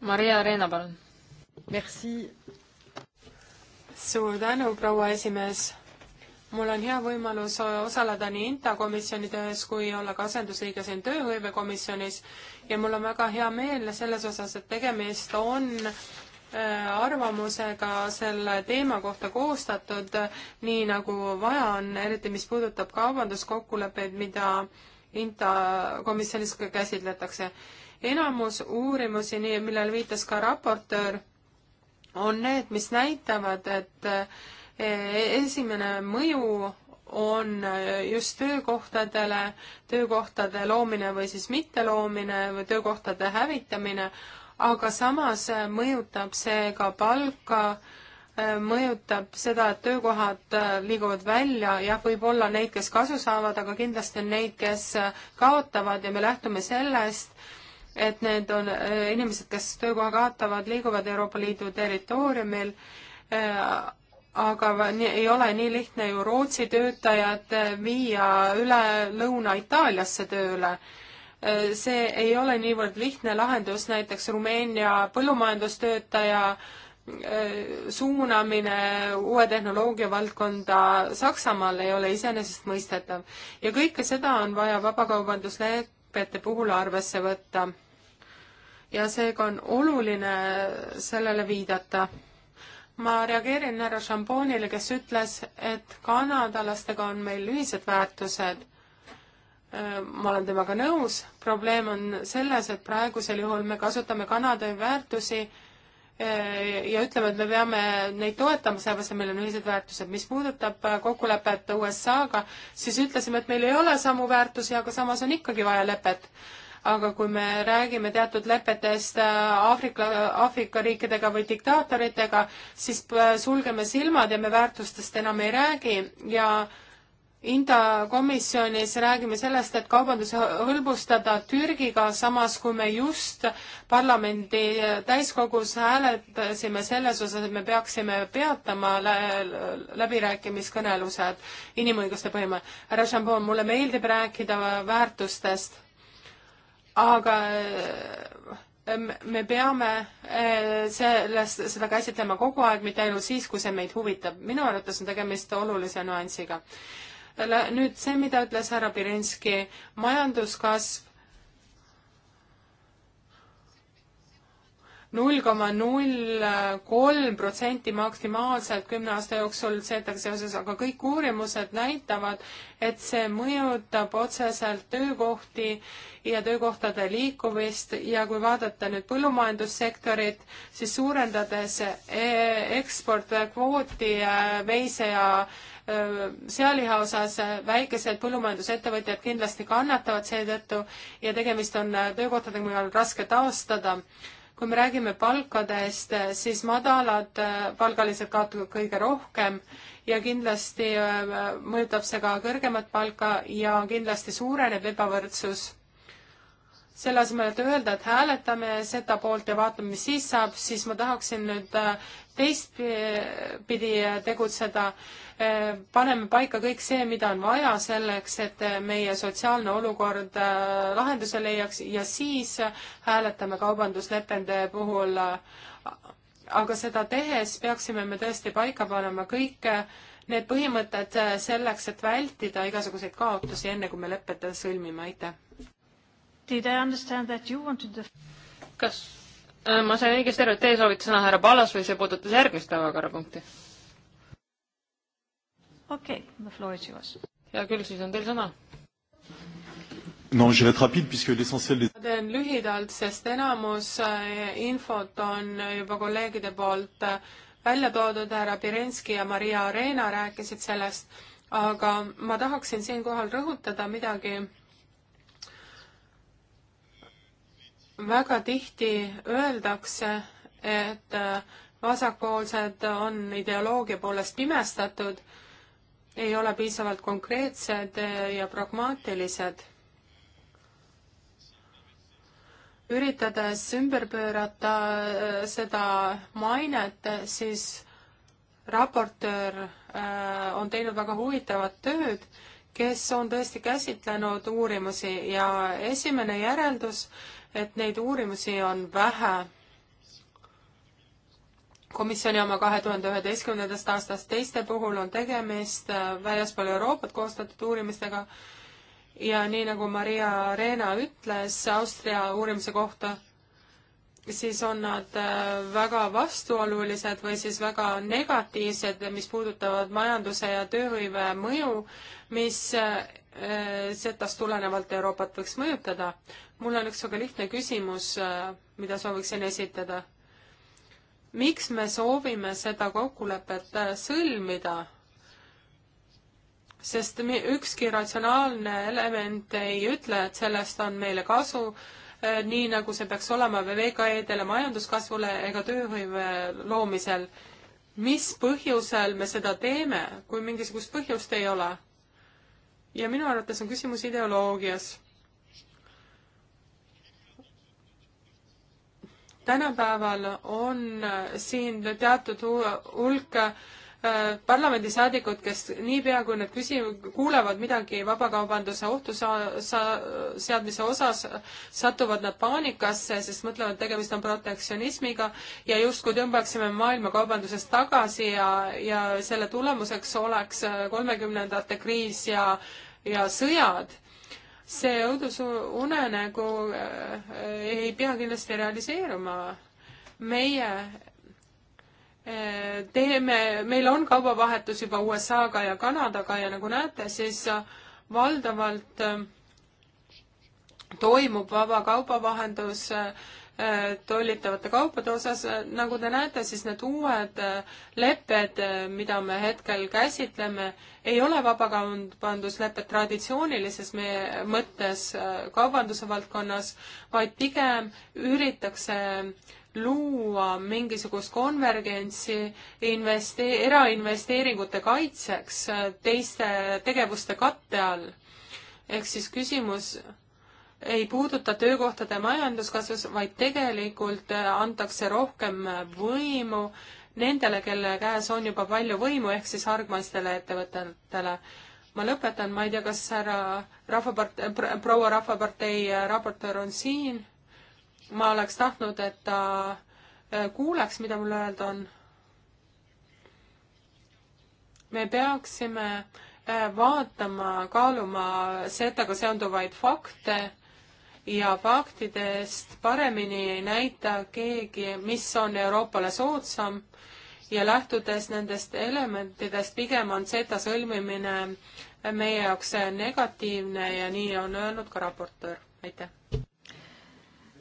Maria Reena, palun. suur tänu, proua esimees mul on hea võimalus osaleda nii INTA komisjoni töös kui olla ka asendusliige siin tööhõivekomisjonis ja mul on väga hea meel selles osas, et tegemist on äh, arvamusega selle teema kohta koostatud, nii nagu vaja on, eriti mis puudutab kaubanduskokkuleppeid, mida INTA komisjonis ka käsitletakse. enamus uurimusi, millele viitas ka raportöör, on need, mis näitavad, et Eh, esimene mõju on eh, just töökohtadele, töökohtade loomine või siis mitteloomine või töökohtade hävitamine, aga samas eh, mõjutab see ka palka, mõjutab seda, et töökohad liiguvad välja, jah, võib olla neid, kes kasu saavad, aga kindlasti on neid, kes kaotavad ja me lähtume sellest, et need on inimesed, kes töökoha kaotavad, liiguvad Euroopa Liidu territooriumil aga ei ole nii lihtne ju Rootsi töötajad eh, viia üle Lõuna-Itaaliasse tööle. Eh, see ei ole niivõrd lihtne lahendus, näiteks Rumeenia põllumajandustöötaja eh, suunamine uue tehnoloogia valdkonda Saksamaal ei ole iseenesestmõistetav. ja kõike seda on vaja vabakaubanduslepete puhul arvesse võtta. ja seega on oluline sellele viidata ma reageerin härra Šampoonile, kes ütles, et kanadalastega on meil ühised väärtused. Äh, ma olen temaga nõus, probleem on selles, et praegusel juhul me kasutame Kanada väärtusi äh, ja ütleme, et me peame neid toetama, sellepärast et meil on ühised väärtused. mis puudutab äh, kokkulepet USA-ga, siis ütlesime, et meil ei ole samu väärtusi, aga samas on ikkagi vaja lepet aga kui me räägime teatud lepetest äh, Aafrika, Aafrika riikidega või diktaatoritega, siis äh, sulgeme silmad ja me väärtustest enam ei räägi ja Inda komisjonis räägime sellest, et kaubandus hõlbustada Türgiga, samas kui me just parlamendi äh, täiskogus hääletasime selles osas, et me peaksime peatama läbirääkimiskõnelused inimõiguste põhimõttel. härra Šambon, mulle meeldib rääkida väärtustest aga äh, me peame äh, sellest, seda käsitlema kogu aeg, mitte ainult siis, kui see meid huvitab. minu arvates on tegemist olulise nüansiga. nüüd see, mida ütles härra Pirinski, majanduskasv null koma null kolm protsenti maksimaalselt kümne aasta jooksul seetega seoses, aga kõik uurimused näitavad, et see mõjutab otseselt töökohti ja töökohtade liikumist ja kui vaadata nüüd põllumajandussektorit, siis suurendades e-, eksportkvooti e, veise ja e, sealiha osas väikesed põllumajandusettevõtjad kindlasti kannatavad seetõttu ja tegemist on töökohtadega, mida on raske taastada kui me räägime palkadest, eh, siis madalad eh, palgalised kaotavad kõige rohkem ja kindlasti eh, mõjutab see ka kõrgemat palka ja kindlasti suureneb ebavõrdsus selle asemel, et öelda, et hääletame seda poolt ja vaatame, mis siis saab, siis ma tahaksin nüüd äh, teistpidi äh, tegutseda. Äh, paneme paika kõik see, mida on vaja selleks, et meie sotsiaalne olukord lahenduse leiaks ja siis hääletame kaubanduslepende puhul. aga seda tehes peaksime me tõesti paika panema kõik need põhimõtted selleks, et vältida igasuguseid kaotusi, enne kui me lepete sõlmime, aitäh! Did I understand that you wanted the... kas äh, ma sain õigesti aru, et teie soovite sõna härra Pallas või see puudutas järgmist päevakorrapunkti? okei okay,, the floor is yours. hea küll, siis on teil sõna. Non, je vais être rapide puisque l'essentiel des... teen lühidalt, sest enamus äh, infot on juba kolleegide poolt äh, välja toodud, härra Pirenski ja Maria Arena rääkisid sellest, aga ma tahaksin siinkohal rõhutada midagi väga tihti öeldakse, et äh, vasakpoolsed on ideoloogia poolest pimestatud, ei ole piisavalt konkreetsed äh, ja pragmaatilised. üritades ümber pöörata äh, seda mainet, siis raportöör on teinud väga huvitavat tööd, kes on tõesti käsitlenud uurimusi ja esimene järeldus, et neid uurimusi on vähe. komisjoni oma kahe tuhande üheteistkümnendast aastast teiste puhul on tegemist äh, väljaspool Euroopat koostatud uurimistega ja nii, nagu Maria Reena ütles Austria uurimise kohta, siis on nad äh, väga vastuolulised või siis väga negatiivsed, mis puudutavad majanduse ja tööhõive mõju, mis äh, setast tulenevalt Euroopat võiks mõjutada. mul on üks väga lihtne küsimus, äh, mida sooviksin esitada. miks me soovime seda kokkulepet sõlmida? sest ükski ratsionaalne element ei ütle, et sellest on meile kasu Äh, nii nagu see peaks olema VKE-dele majanduskasvule ega tööhõive loomisel. mis põhjusel me seda teeme, kui mingisugust põhjust ei ole? ja minu arvates on küsimus ideoloogias. tänapäeval on siin teatud hulk hu parlamendisaadikud, kes niipea, kui nad küsi-, kuulevad midagi vabakaubanduse ohtu sa-, sa-, seadmise osas, satuvad nad paanikasse, sest mõtlevad, tegemist on protektsionismiga ja justkui tõmbaksime maailma kaubandusest tagasi ja, ja selle tulemuseks oleks kolmekümnendate kriis ja, ja sõjad see õudusunenägu äh, ei pea kindlasti realiseeruma. meie teeme, meil on kaubavahetus juba USA-ga ja Kanadaga ja nagu näete, siis valdavalt äh, toimub vaba kaubavahendus äh, tollitavate kaupade osas, nagu te näete, siis need uued äh, lepped, mida me hetkel käsitleme, ei ole vabakaubanduslepped traditsioonilises meie mõttes kaubanduse valdkonnas, vaid pigem üritakse äh, luua mingisugust konvergentsi investee-, erainvesteeringute kaitseks äh, teiste tegevuste katte all. ehk siis küsimus ei puuduta töökohtade majanduskasvus, vaid tegelikult äh, antakse rohkem äh, võimu nendele, kelle käes on juba palju võimu, ehk siis hargmaistele ettevõtetele. ma lõpetan, ma ei tea, kas härra Rahvapart-, proua Rahvapartei raportöör on siin ma oleks tahtnud, et ta äh, kuuleks, mida mul öelda on. me peaksime äh, vaatama, kaaluma SETAga seonduvaid fakte ja faktidest paremini ei näita keegi, mis on Euroopale soodsam ja lähtudes nendest elementidest, pigem on SETA sõlmimine meie jaoks äh, negatiivne ja nii on öelnud ka raportöör. aitäh!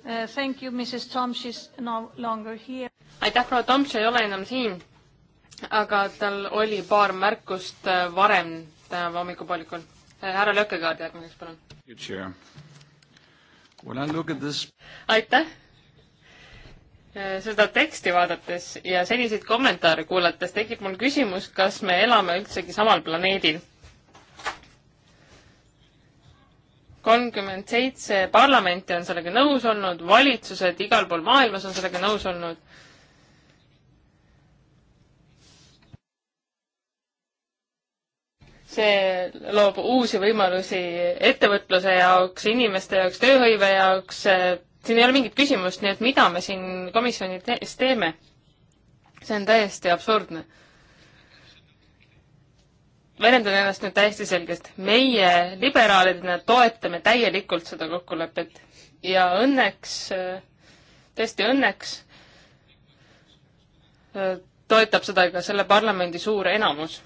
Uh, thank you, Mrs Tom, she is no longer here. aitäh, proua Toms ei ole enam siin, aga tal oli paar märkust uh, varem tänav hommikupoolikul. Uh, härra Lökkekaard järgmiseks, palun. aitäh. seda teksti vaadates ja seniseid kommentaare kuulates tekib mul küsimus, kas me elame üldsegi samal planeedil kolmkümmend seitse parlamenti on sellega nõus olnud, valitsused igal pool maailmas on sellega nõus olnud. see loob uusi võimalusi ettevõtluse jaoks, inimeste jaoks, tööhõive jaoks, siin ei ole mingit küsimust, nii et mida me siin komisjonis teeme? see on täiesti absurdne väljendan ennast nüüd täiesti selgelt. meie liberaalidena toetame täielikult seda kokkulepet ja õnneks, tõesti õnneks, toetab seda ka selle parlamendi suur enamus.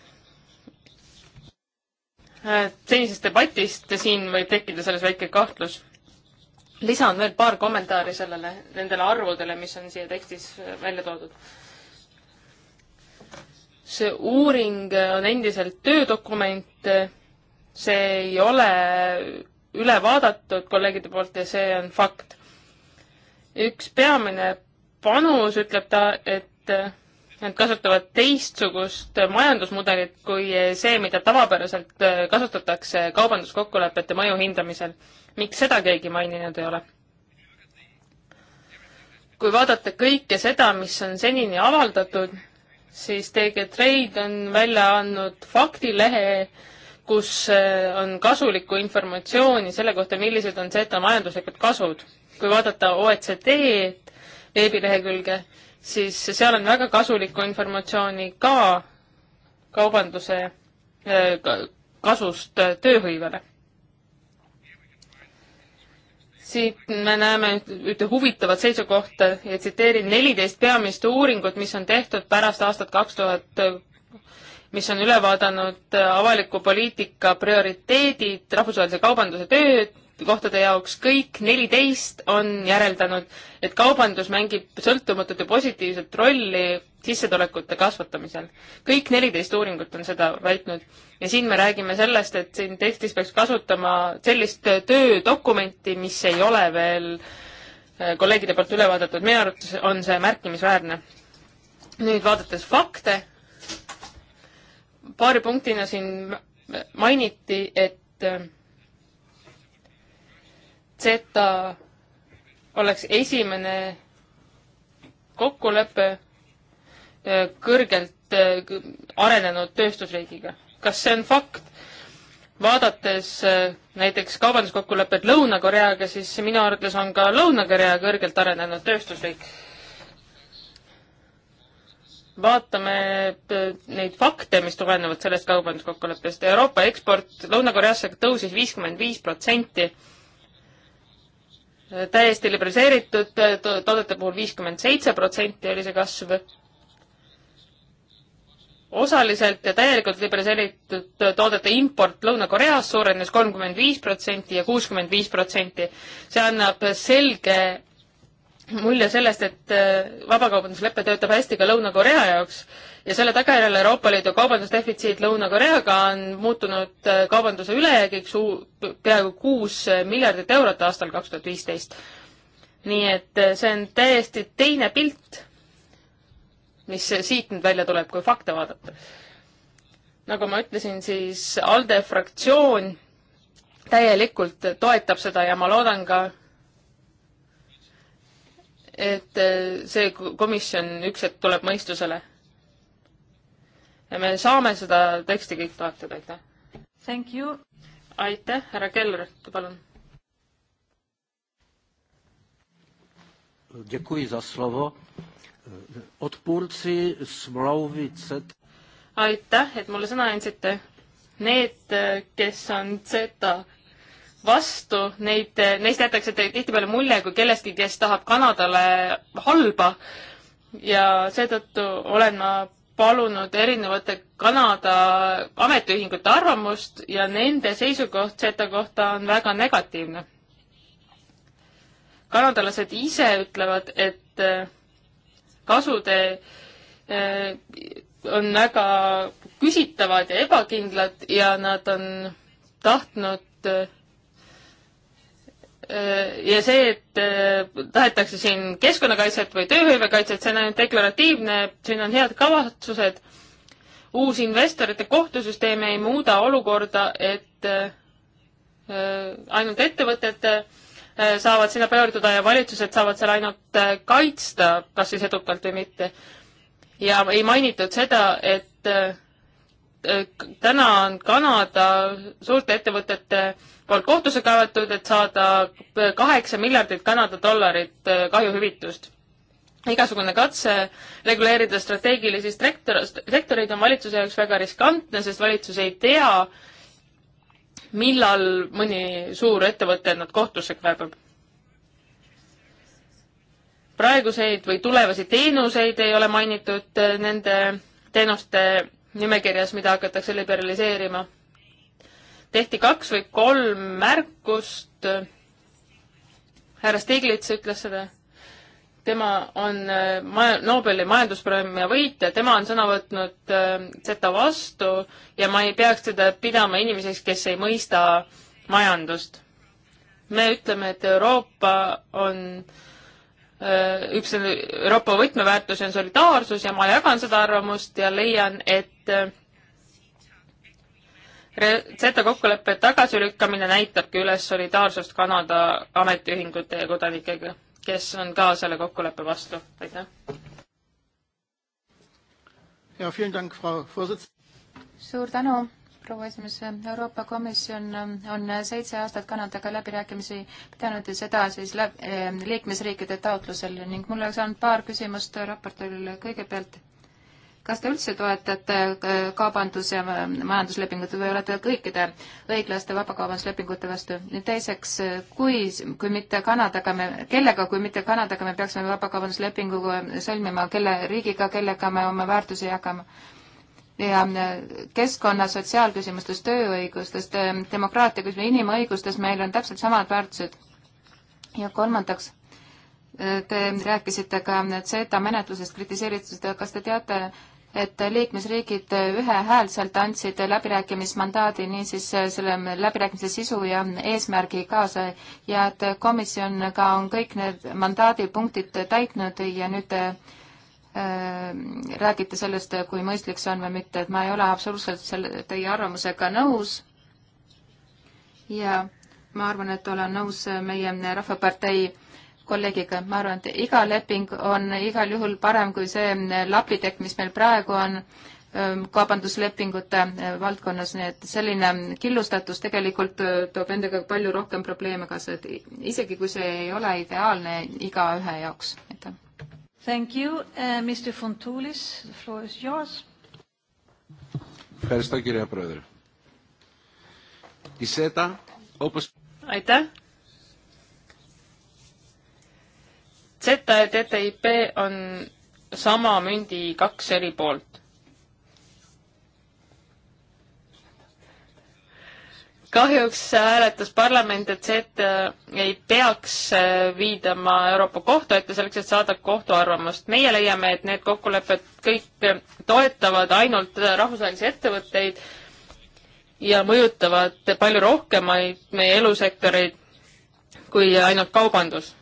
senisest debatist siin võib tekkida selles väike kahtlus. lisan veel paar kommentaari sellele, nendele arvudele, mis on siia tekstis välja toodud see uuring on endiselt töödokument, see ei ole üle vaadatud kolleegide poolt ja see on fakt. üks peamine panus ütleb ta, et nad kasutavad teistsugust majandusmudelit kui see, mida tavapäraselt kasutatakse kaubanduskokkulepete mõju hindamisel. miks seda keegi maininud ei ole? kui vaadata kõike seda, mis on senini avaldatud, siis TG Trade on välja andnud faktilehe, kus äh, on kasulikku informatsiooni selle kohta, millised on Zeta majanduslikud kasud. kui vaadata OECD veebilehekülge, siis seal on väga kasulikku informatsiooni ka kaubanduse äh, kasust äh, tööhõivele siit me näeme ühte huvitavat seisukohta ja tsiteerin neliteist peamist uuringut, mis on tehtud pärast aastat kaks tuhat, mis on üle vaadanud avaliku poliitika prioriteedid, rahvusvahelise kaubanduse töö kohtade jaoks kõik neliteist on järeldanud, et kaubandus mängib sõltumatut ja positiivset rolli sissetulekute kasvatamisel. kõik neliteist uuringut on seda väitnud ja siin me räägime sellest, et siin tekstis peaks kasutama sellist töödokumenti, mis ei ole veel äh, kolleegide poolt üle vaadatud, minu arvates on see märkimisväärne. nüüd vaadates fakte, paari punktina siin mainiti, et äh, Zeta oleks esimene kokkulepe äh, kõrgelt äh, arenenud tööstusriigiga. kas see on fakt? vaadates äh, näiteks kaubanduskokkulepet Lõuna-Koreaga, siis minu arvates on ka Lõuna-Korea kõrgelt arenenud tööstusriik. vaatame neid fakte, mis tulenevad sellest kaubanduskokkuleppest. Euroopa eksport Lõuna-Koreasse tõusis viiskümmend viis protsenti täiesti liberaliseeritud toodete puhul viiskümmend seitse protsenti oli see kasv. osaliselt ja täielikult liberaliseeritud toodete import Lõuna-Koreast suurenes kolmkümmend viis protsenti ja kuuskümmend viis protsenti. see annab selge mulje sellest, et äh, vabakaubanduslepe töötab hästi ka Lõuna-Korea jaoks ja selle tagajärjel Euroopa Liidu kaubandusdefitsiit Lõuna-Koreaga on muutunud äh, kaubanduse ülejäägiks peaaegu kuus äh, miljardit eurot aastal kaks tuhat viisteist. nii et see on täiesti teine pilt, mis siit nüüd välja tuleb, kui fakte vaadata. nagu ma ütlesin, siis ALDE fraktsioon täielikult toetab seda ja ma loodan ka, et äh, see komisjon üks hetk tuleb mõistusele. ja me saame seda teksti kõik toetada, aitäh. Thank you. aitäh, härra Keller, palun. Děkuji za slovo. Odpůrci smlouvy CETA. Aitäh, et mulle sõna andsite. Need, kes on CETA vastu, neid, neist jätakse tihtipeale mulje kui kellestki, kes tahab Kanadale halba ja seetõttu olen ma palunud erinevate Kanada ametiühingute arvamust ja nende seisukoht seda kohta on väga negatiivne. kanadalased ise ütlevad, et äh, kasude äh, on väga küsitavad ja ebakindlad ja nad on tahtnud äh, Äh, ja see, et äh, tahetakse siin keskkonnakaitset või tööhõivekaitset, see on ainult deklaratiivne, siin on head kavatsused. uus investorite kohtusüsteem ei muuda olukorda, et äh, ainult ettevõtted saavad sinna pöörduda ja valitsused saavad seal ainult kaitsta, kas siis edukalt või mitte. ja ei mainitud seda, et Äh, täna on Kanada suurte ettevõtete poolt kohtusse kaevatud, et saada kaheksa miljardit Kanada dollarit äh, kahjuhüvitust. igasugune katse reguleerida strateegilisi sektor-, sektoreid on valitsuse jaoks väga riskantne, sest valitsus ei tea, millal mõni suur ettevõte nad kohtusse kaebab praeguseid või tulevasi teenuseid ei ole mainitud äh, nende teenuste nimekirjas, mida hakatakse liberaliseerima. tehti kaks või kolm märkust. härra Stiglitz ütles seda. tema on äh, maja, Nobeli majanduspreemia võitja, tema on sõna võtnud seda äh, vastu ja ma ei peaks teda pidama inimeseks, kes ei mõista majandust. me ütleme, et Euroopa on äh, Äh, üks Euroopa võtmeväärtusi on solidaarsus ja ma jagan seda arvamust ja leian, et äh, Zeta kokkuleppe tagasilükkamine näitabki üles solidaarsust Kanada ametiühingute ja kodanikega, kes on ka selle kokkuleppe vastu. aitäh! suur tänu, proua esimees, Euroopa Komisjon on seitse aastat Kanadaga läbirääkimisi pidanud ja seda siis läb, eh, liikmesriikide taotlusel ning mul oleks olnud paar küsimust raportöörile kõigepealt. kas te üldse toetate eh, kaubandus- ja majanduslepingut või olete kõikide õiglaste vabakaubanduslepingute vastu? teiseks, kui, kui mitte Kanadaga me, kellega, kui mitte Kanadaga me peaksime vabakaubanduslepingu sõlmima, kelle riigiga, kellega me oma väärtusi jagame? ja äh, keskkonna sotsiaalküsimustes, tööõigustes, äh, demokraatia küsimustes, inimõigustes meil on täpselt samad väärtused. ja kolmandaks, äh, te rääkisite ka CETA menetlusest, kritiseerisite, kas te teate, et liikmesriigid ühehäälselt andsid läbirääkimismandaadi niisiis selle läbirääkimise sisu ja eesmärgi kaasa ja et komisjon ka on kõik need mandaadipunktid täitnud ja nüüd Äh, räägite sellest, kui mõistlik see on või mitte, et ma ei ole absoluutselt selle, teie arvamusega nõus ja ma arvan, et olen nõus meie Rahvapartei kolleegiga, ma arvan, et iga leping on igal juhul parem kui see lapitekk, mis meil praegu on ähm, kaubanduslepingute äh, valdkonnas, nii et selline killustatus tegelikult äh, toob endaga palju rohkem probleeme kaasa, et isegi kui see ei ole ideaalne igaühe jaoks, aitäh. Thank you. Uh, Mr. Fontoulis, the floor is yours. Ευχαριστώ κύριε Πρόεδρε. Η ΣΕΤΑ όπως... Aitäh. Zeta ja TTIP on sama mündi kaks eri poolt. kahjuks hääletas parlament, et see ette äh, ei peaks äh, viidama Euroopa Kohtu ette selleks, et saada kohtu arvamust. meie leiame, et need kokkulepped kõik toetavad ainult rahvusvahelisi ettevõtteid ja mõjutavad palju rohkemaid meie elusektoreid kui ainult kaubandus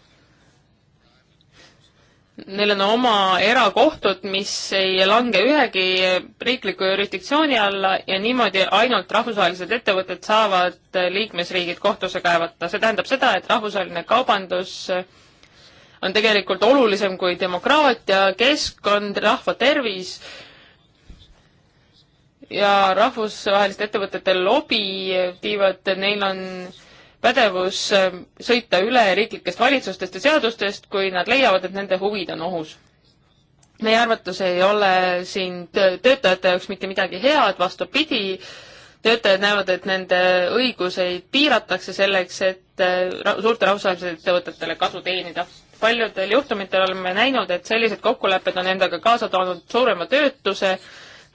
Neil on oma erakohtud, mis ei lange ühegi riikliku jurisdiktsiooni alla ja niimoodi ainult rahvusvahelised ettevõtted saavad liikmesriigid kohtusse kaevata. see tähendab seda, et rahvusvaheline kaubandus on tegelikult olulisem kui demokraatia, keskkond, rahva tervis ja rahvusvaheliste ettevõtete lobi viivad, neil on äh, pädevus äh, sõita üle riiklikest valitsustest ja seadustest, kui nad leiavad, et nende huvid on ohus. meie arvates ei ole siin töötajate jaoks mitte midagi head, vastupidi, töötajad näevad, et nende õiguseid piiratakse selleks, et äh, suurte rahvusvahelistele ettevõtetele kasu teenida. paljudel juhtumitel oleme näinud, et sellised kokkulepped on endaga kaasa toonud suurema töötuse,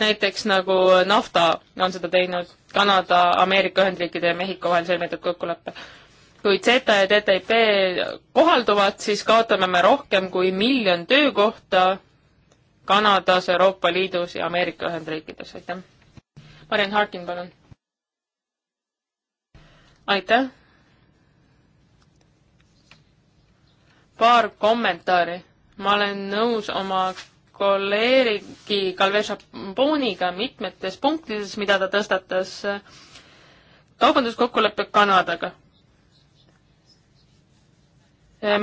näiteks nagu nafta on seda teinud Kanada, Ameerika Ühendriikide ja Mehhiko vahel sõlmitud kokkulepe. kui Zeta ja TTIP kohalduvad, siis kaotame me rohkem kui miljon töökohta Kanadas, Euroopa Liidus ja Ameerika Ühendriikides, aitäh. Mariann Harkin, palun. aitäh. paar kommentaari. ma olen nõus oma kolleegi Calve Šamponiga mitmetes punktides, mida ta tõstatas kaubanduskokkuleppe Kanadaga.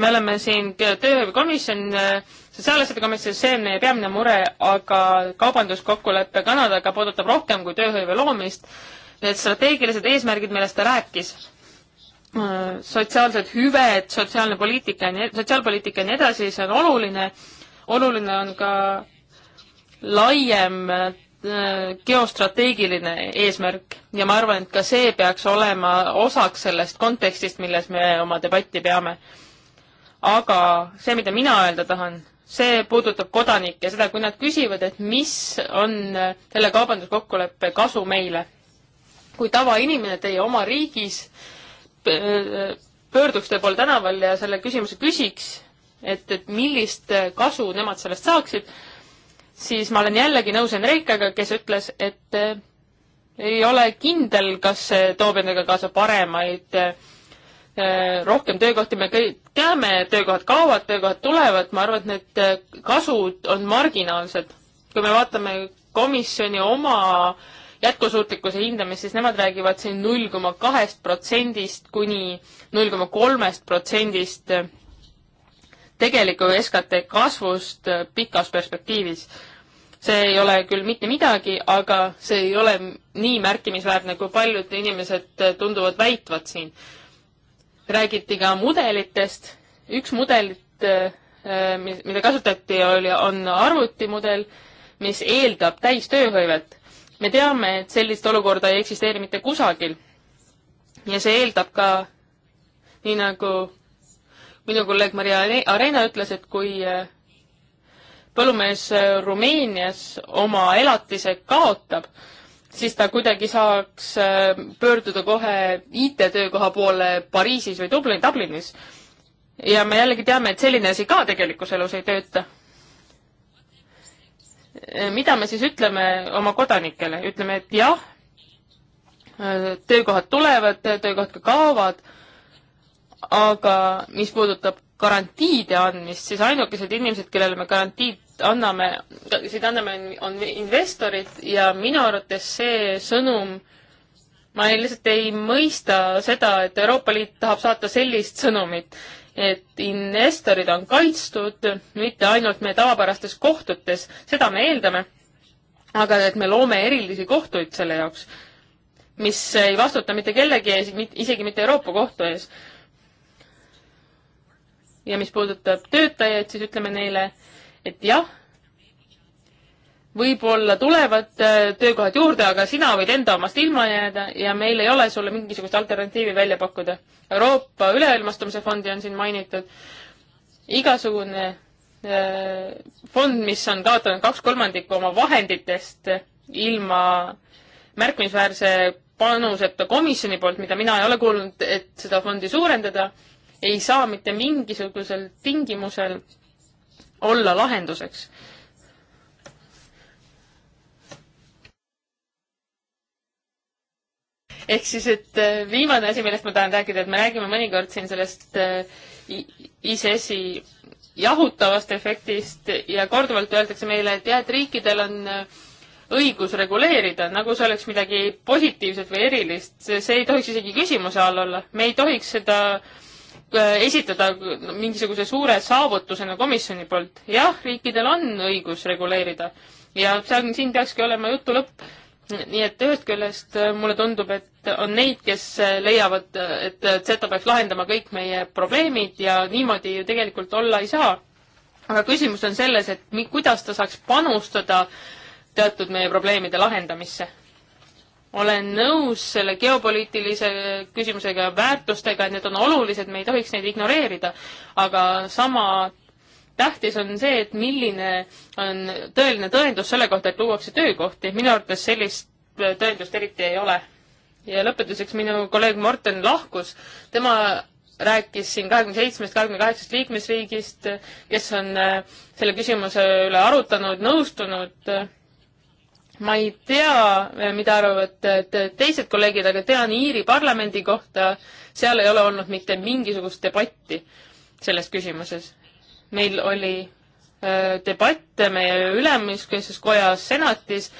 me oleme siin töökomisjon, sotsiaalasjade komisjon, see on meie peamine mure, aga kaubanduskokkulepe Kanadaga puudutab rohkem kui tööhõive loomist. Need strateegilised eesmärgid, millest ta rääkis, sotsiaalsed hüved, sotsiaalne poliitika, sotsiaalpoliitika ja nii edasi, see on oluline oluline on ka laiem äh, geostrateegiline eesmärk ja ma arvan, et ka see peaks olema osaks sellest kontekstist, milles me oma debatti peame. aga see, mida mina öelda tahan, see puudutab kodanikke, seda, kui nad küsivad, et mis on äh, selle kaubanduskokkuleppe kasu meile. kui tavainimene teie oma riigis äh, pöörduks teie poole tänaval ja selle küsimuse küsiks, et, et millist kasu nemad sellest saaksid, siis ma olen jällegi nõus Enrikega, kes ütles, et eh, ei ole kindel, kas see toob endaga kaasa paremaid, eh, rohkem töökohti, me kõik teame, töökohad kaovad, töökohad tulevad, ma arvan, et need eh, kasud on marginaalsed. kui me vaatame komisjoni oma jätkusuutlikkuse hindamist, siis nemad räägivad siin null koma kahest protsendist kuni null koma kolmest protsendist tegeliku SKT kasvust äh, pikas perspektiivis. see ei ole küll mitte midagi, aga see ei ole nii märkimisväärne, kui paljud inimesed äh, tunduvad väitvat siin. räägiti ka mudelitest, üks mudelit, äh, mida kasutati, oli, on arvutimudel, mis eeldab täistööhõivet. me teame, et sellist olukorda ei eksisteeri mitte kusagil. ja see eeldab ka, nii nagu minu kolleeg Maria Arena ütles, et kui eh, põllumees eh, Rumeenias oma elatise kaotab, siis ta kuidagi saaks eh, pöörduda kohe IT-töökoha poole Pariisis või Dublin, Dublinis. ja me jällegi teame, et selline asi ka tegelikus elus ei tööta. mida me siis ütleme oma kodanikele, ütleme, et jah, töökohad tulevad, töökohad ka kaovad aga mis puudutab garantiide andmist, siis ainukesed inimesed, kellele me garantiid anname, garantiid anname, on investorid ja minu arvates see sõnum, ma ei, lihtsalt ei mõista seda, et Euroopa Liit tahab saata sellist sõnumit, et investorid on kaitstud mitte ainult meie tavapärastes kohtutes, seda me eeldame, aga et me loome erilisi kohtuid selle jaoks, mis ei vastuta mitte kellegi ees, isegi mitte Euroopa Kohtu ees ja mis puudutab töötajaid, siis ütleme neile, et jah, võib-olla tulevad äh, töökohad juurde, aga sina võid enda omast ilma jääda ja meil ei ole sulle mingisugust alternatiivi välja pakkuda. Euroopa Üleilmastumise Fondi on siin mainitud. igasugune äh, fond, mis on kaotanud kaks kolmandikku oma vahenditest ilma märkimisväärse panuseta komisjoni poolt, mida mina ei ole kuulnud, et seda fondi suurendada ei saa mitte mingisugusel tingimusel olla lahenduseks. ehk siis, et äh, viimane asi, millest ma tahan rääkida, et me räägime mõnikord siin sellest äh, ISS-i jahutavast efektist ja korduvalt öeldakse meile, et jah, et riikidel on äh, õigus reguleerida, nagu see oleks midagi positiivset või erilist, see ei tohiks isegi küsimuse all olla, me ei tohiks seda äh, Äh, esitada mingisuguse suure saavutusena komisjoni poolt. jah, riikidel on õigus reguleerida ja see on, siin peakski olema jutu lõpp. nii et ühest küljest äh, mulle tundub, et on neid, kes äh, leiavad, et Zeta peaks lahendama kõik meie probleemid ja niimoodi ju tegelikult olla ei saa. aga küsimus on selles, et mi, kuidas ta saaks panustada teatud meie probleemide lahendamisse olen nõus selle geopoliitilise küsimusega ja väärtustega, et need on olulised, me ei tohiks neid ignoreerida, aga sama tähtis on see, et milline on tõeline tõendus selle kohta, et luuakse töökohti. minu arvates sellist tõendust eriti ei ole. ja lõpetuseks minu kolleeg Morten lahkus. tema rääkis siin kahekümne seitsmest, kahekümne kaheksast liikmesriigist, kes on äh, selle küsimuse üle arutanud, nõustunud ma ei tea, eh, mida arvavad eh, teised kolleegid, aga tean Iiri parlamendi kohta, seal ei ole olnud mitte mingisugust debatti selles küsimuses. meil oli eh, debatt meie ülemiskeskses kojas, senatis,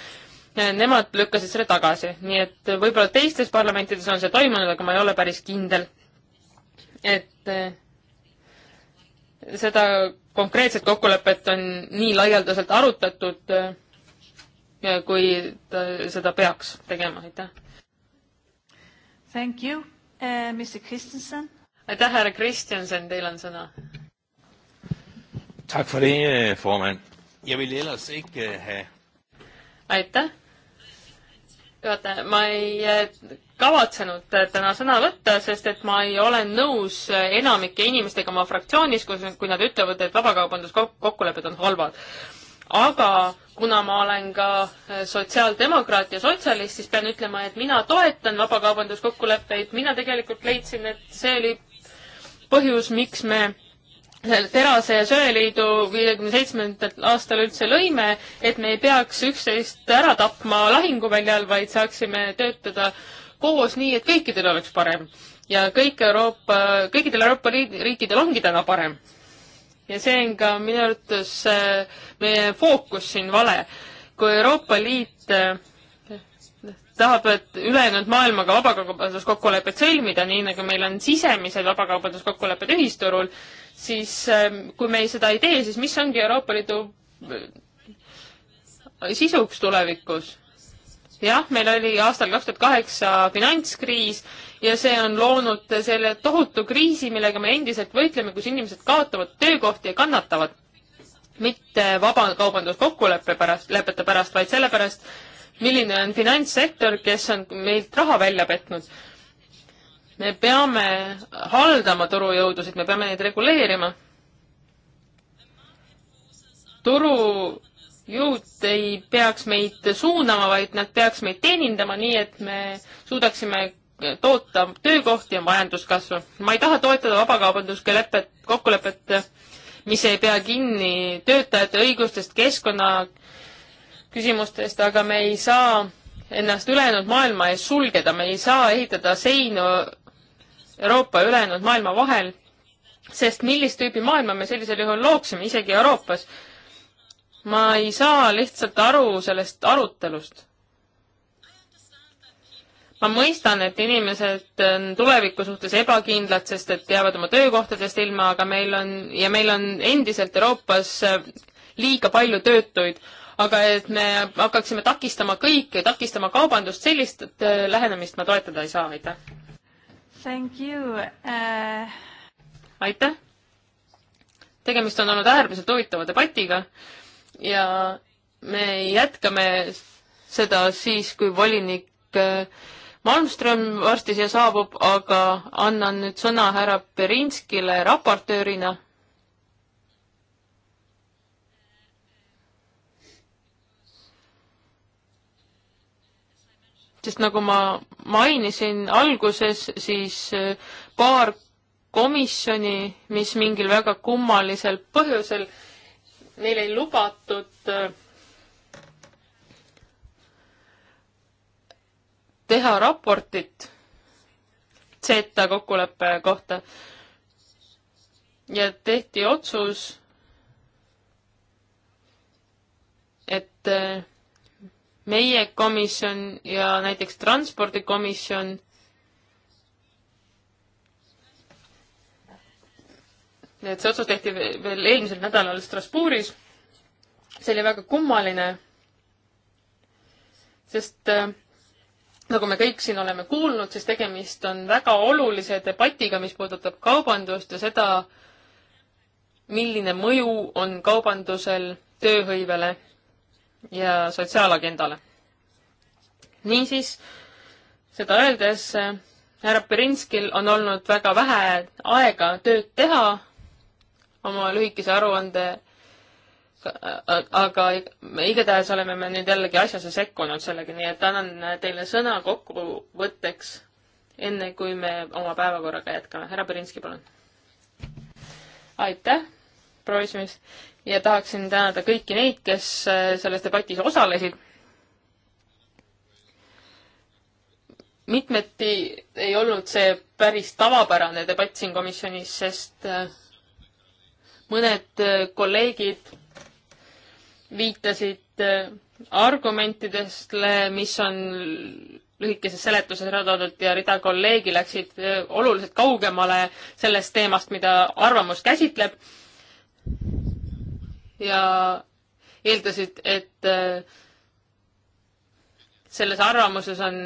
nemad lükkasid selle tagasi, nii et võib-olla teistes parlamentides on see toimunud, aga ma ei ole päris kindel, et seda konkreetset kokkulepet on nii laialdaselt arutatud kui ta seda peaks tegema, aitäh. Thank you uh,, Mr Kristjanson. aitäh, härra Kristjanson, teil on sõna. Tak for det, øh, formand. Jeg vil ellers ikke øh, have... Aitäh. Juhataja, ma ei äh, kavatsenud äh, täna sõna võtta, sest et ma ei ole nõus äh, enamike inimestega oma fraktsioonis, kus, kui nad ütlevad, et vabakaubanduskokkulepped on halvad aga kuna ma olen ka äh, sotsiaaldemokraat ja sotsialist, siis pean ütlema, et mina toetan vabakaubanduskokkuleppeid, mina tegelikult leidsin, et see oli põhjus, miks me selle terase ja söeliidu viiekümne seitsmendal aastal üldse lõime, et me ei peaks üksteist ära tapma lahinguväljal, vaid saaksime töötada koos nii, et kõikidel oleks parem. ja kõik Euroopa, kõikidel Euroopa riikidel ongi täna parem ja see on ka minu arvates eh, meie fookus siin vale. kui Euroopa Liit eh, tahab, et ülejäänud maailmaga vabakaubanduskokkulepet sõlmida, nii nagu meil on sisemised vabakaubanduskokkulepped ühisturul, siis eh, kui me ei seda ei tee, siis mis ongi Euroopa Liidu sisuks tulevikus? jah, meil oli aastal kaks tuhat kaheksa finantskriis ja see on loonud selle tohutu kriisi, millega me endiselt võitleme, kus inimesed kaotavad töökohti ja kannatavad. mitte vabakaubanduskokkuleppe pärast, lepete pärast, vaid sellepärast, milline on finantssektor, kes on meilt raha välja petnud. me peame haldama turujõudusid, me peame neid reguleerima. turu jõud ei peaks meid suunama, vaid nad peaks meid teenindama nii, et me suudaksime toota töökohti ja majanduskasvu. ma ei taha toetada vabakaubanduskelepet, kokkulepet, mis ei pea kinni töötajate õigustest, keskkonna küsimustest, aga me ei saa ennast ülejäänud maailma ees sulgeda, me ei saa ehitada seinu Euroopa ja ülejäänud maailma vahel, sest millist tüüpi maailma me sellisel juhul looksime, isegi Euroopas. ma ei saa lihtsalt aru sellest arutelust ma mõistan, et inimesed on tuleviku suhtes ebakindlad, sest et jäävad oma töökohtadest ilma, aga meil on ja meil on endiselt Euroopas äh, liiga palju töötuid, aga et me hakkaksime takistama kõike, takistama kaubandust, sellist äh, lähenemist ma toetada ei saa, aitäh. Thank you uh.... aitäh. tegemist on olnud äärmiselt huvitava debatiga ja me jätkame seda siis, kui volinik uh, Malmström varsti siia saabub, aga annan nüüd sõna härra Berinskile raportöörina. sest nagu ma mainisin alguses, siis äh, paar komisjoni, mis mingil väga kummalisel põhjusel neil ei lubatud äh, teha raportit Zeta kokkuleppe kohta ja tehti otsus, et eh, meie komisjon ja näiteks transpordikomisjon et see otsus tehti veel eelmisel nädalal Strasbourgis. see oli väga kummaline, sest eh, nagu me kõik siin oleme kuulnud, siis tegemist on väga olulise debatiga, mis puudutab kaubandust ja seda, milline mõju on kaubandusel tööhõivele ja sotsiaalagendale. niisiis, seda öeldes härra Pirinskil on olnud väga vähe aega tööd teha oma lühikese aruande aga igatahes oleme me nüüd jällegi asjasse sekkunud sellega, nii et annan teile sõna kokkuvõtteks, enne kui me oma päevakorraga jätkame. härra Berinski, palun. aitäh, proua esimees, ja tahaksin tänada kõiki neid, kes äh, selles debatis osalesid. mitmeti ei olnud see päris tavapärane debatt siin komisjonis, sest äh, mõned äh, kolleegid viitasid äh, argumentidestele, mis on lühikeses seletuses ära toodud ja rida kolleegi läksid äh, oluliselt kaugemale sellest teemast, mida arvamus käsitleb. ja eeldasid, et äh, selles arvamuses on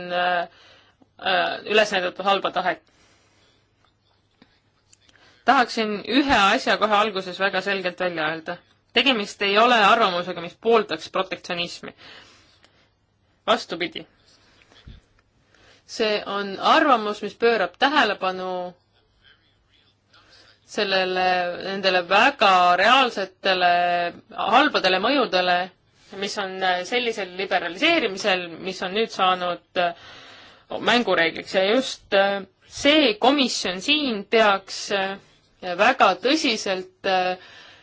üles näidatud halba tahet. tahaksin ühe asja kohe alguses väga selgelt välja öelda tegemist ei ole arvamusega, mis pooldaks protektsionismi. vastupidi. see on arvamus, mis pöörab tähelepanu sellele, nendele väga reaalsetele halbadele mõjudele, mis on sellisel liberaliseerimisel, mis on nüüd saanud äh, mängureegliks ja just äh, see komisjon siin peaks äh, väga tõsiselt äh,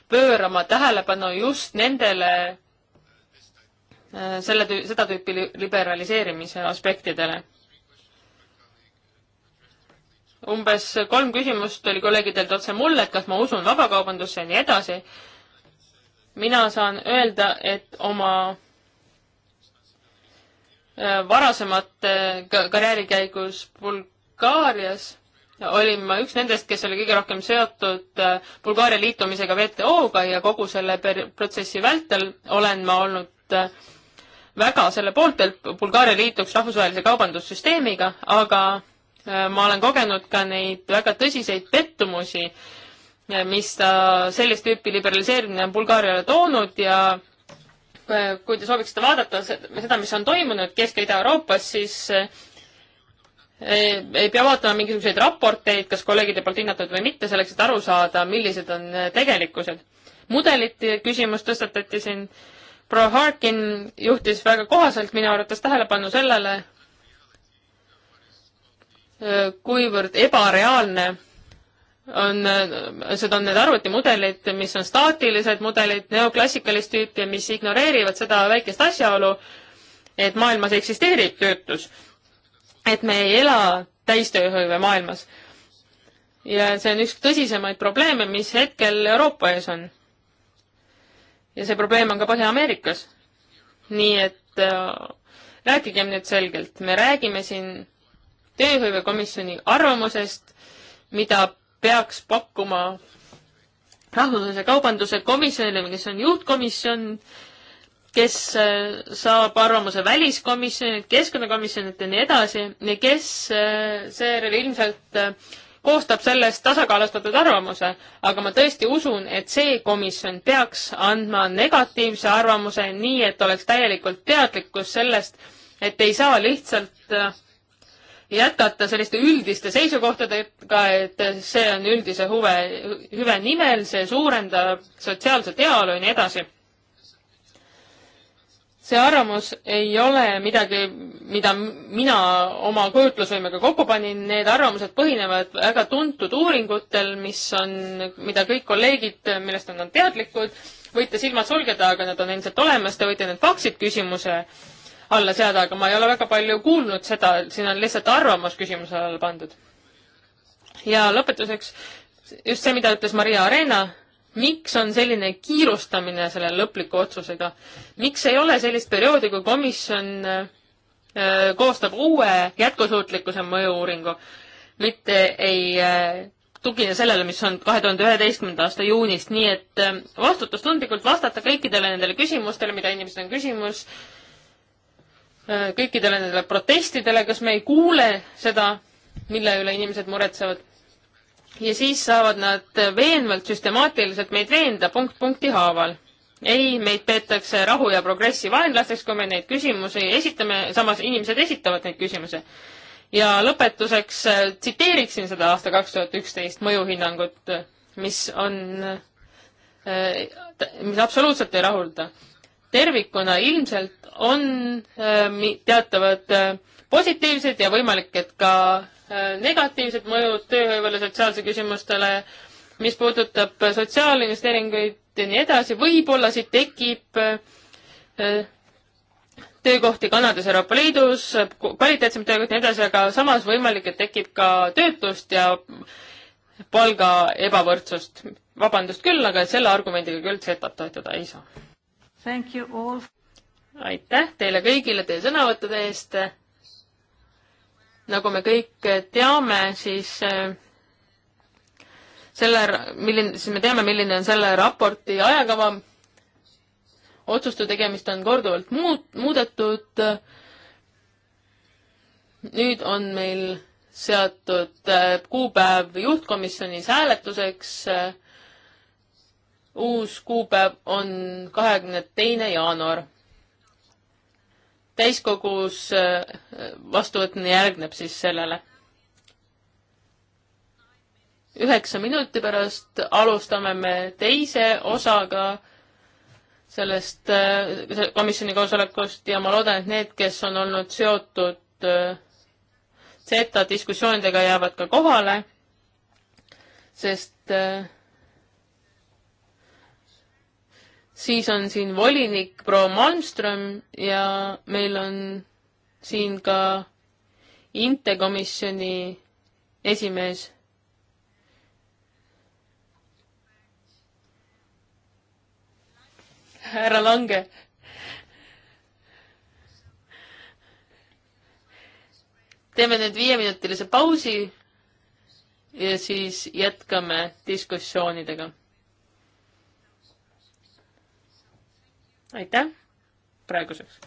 pöörama tähelepanu just nendele äh, selle, seda tüüpi liberaliseerimise aspektidele. umbes kolm küsimust oli kolleegidelt otse mulle, et kas ma usun vabakaubandusse ja nii edasi. mina saan öelda, et oma äh, varasemate äh, karjääri käigus Bulgaarias olin ma üks nendest, kes oli kõige rohkem seotud äh, Bulgaaria liitumisega WTO-ga ja kogu selle protsessi vältel olen ma olnud äh, väga selle poolt, et Bulgaaria liituks rahvusvahelise kaubandussüsteemiga, aga äh, ma olen kogenud ka neid väga tõsiseid pettumusi, mis ta sellist tüüpi liberaliseerimine on Bulgaariale toonud ja kui te sooviksite vaadata seda, mis on toimunud Kesk- ja Ida-Euroopas, siis ei pea vaatama mingisuguseid raporteid, kas kolleegide poolt hinnatud või mitte, selleks, et aru saada, millised on eh, tegelikkused. mudelite küsimus tõstatati siin. proua Harkin juhtis väga kohaselt minu arvates tähelepanu sellele, eh, kuivõrd ebareaalne on, eh, seda on need arvutimudelid, mis on staatilised mudelid, neoklassikalist tüüpi, mis ignoreerivad seda väikest asjaolu, et maailmas eksisteerib töötus et me ei ela täistööhõive maailmas. ja see on üks tõsisemaid probleeme, mis hetkel Euroopa ees on. ja see probleem on ka Põhja-Ameerikas. nii et äh, rääkigem nüüd selgelt, me räägime siin tööhõivekomisjoni arvamusest, mida peaks pakkuma rahvusvahelise kaubanduse komisjonile, kes on juhtkomisjon kes äh, saab arvamuse väliskomisjonilt, keskkonnakomisjonilt ja nii edasi, kes äh, seejärel ilmselt äh, koostab sellest tasakaalustatud arvamuse, aga ma tõesti usun, et see komisjon peaks andma negatiivse arvamuse, nii et oleks täielikult teadlikkus sellest, et ei saa lihtsalt jätkata selliste üldiste seisukohtadega, et see on üldise huve, hüve nimel, see suurendab sotsiaalset heaolu ja nii edasi see arvamus ei ole midagi, mida mina oma kujutlusvõimega kokku panin, need arvamused põhinevad väga tuntud uuringutel, mis on, mida kõik kolleegid, millest nad on teadlikud, võite silmad sulgeda, aga need on endiselt olemas, te võite need faksid küsimuse alla seada, aga ma ei ole väga palju kuulnud seda, siin on lihtsalt arvamus küsimuse alla pandud. ja lõpetuseks just see, mida ütles Maria Arena miks on selline kiirustamine selle lõpliku otsusega? miks ei ole sellist perioodi, kui komisjon äh, äh, koostab uue jätkusuutlikkuse mõju-uuringu, mitte ei äh, tugine sellele, mis on kahe tuhande üheteistkümnenda aasta juunist, nii et vastutustundlikult vastata kõikidele nendele küsimustele, mida inimesed on küsimus, kõikidele nendele protestidele, kas me ei kuule seda, mille üle inimesed muretsevad ja siis saavad nad veenvalt süstemaatiliselt meid veenda punkt punkti haaval. ei, meid peetakse rahu ja progressi vaenlasteks, kui me neid küsimusi esitame, samas inimesed esitavad neid küsimusi. ja lõpetuseks äh, tsiteeriksin seda aasta kaks tuhat üksteist mõjuhinnangut, mis on, äh, mis absoluutselt ei rahulda. tervikuna ilmselt on äh, teatavad positiivsed ja võimalik, et ka Äh, negatiivsed mõjud tööhõivele, sotsiaalse küsimustele, mis puudutab sotsiaalinvesteeringuid ja nii edasi, võib-olla siit tekib äh, töökohti Kanadas, Euroopa Liidus, kvaliteetsemaid töökohti ja nii edasi, aga samas võimalik, et tekib ka töötust ja palga ebavõrdsust. vabandust küll, aga selle argumendiga küll Z-t toetada ei saa. aitäh teile kõigile teie sõnavõttude eest nagu me kõik teame, siis äh, selle, milline, siis me teame, milline on selle raporti ajakava. otsuste tegemist on korduvalt muut-, muudetud. nüüd on meil seatud äh, kuupäev juhtkomisjonis hääletuseks. uus kuupäev on kahekümne teine jaanuar täiskogus äh, vastuvõtmine järgneb siis sellele. üheksa minuti pärast alustame me teise osaga sellest äh, komisjoni koosolekust ja ma loodan, et need, kes on olnud seotud äh, Z diskussioonidega, jäävad ka kohale, sest äh, siis on siin volinik proua Malmström ja meil on siin ka intekomisjoni esimees. härra Lange. teeme nüüd viieminutilise pausi ja siis jätkame diskussioonidega aitäh praeguseks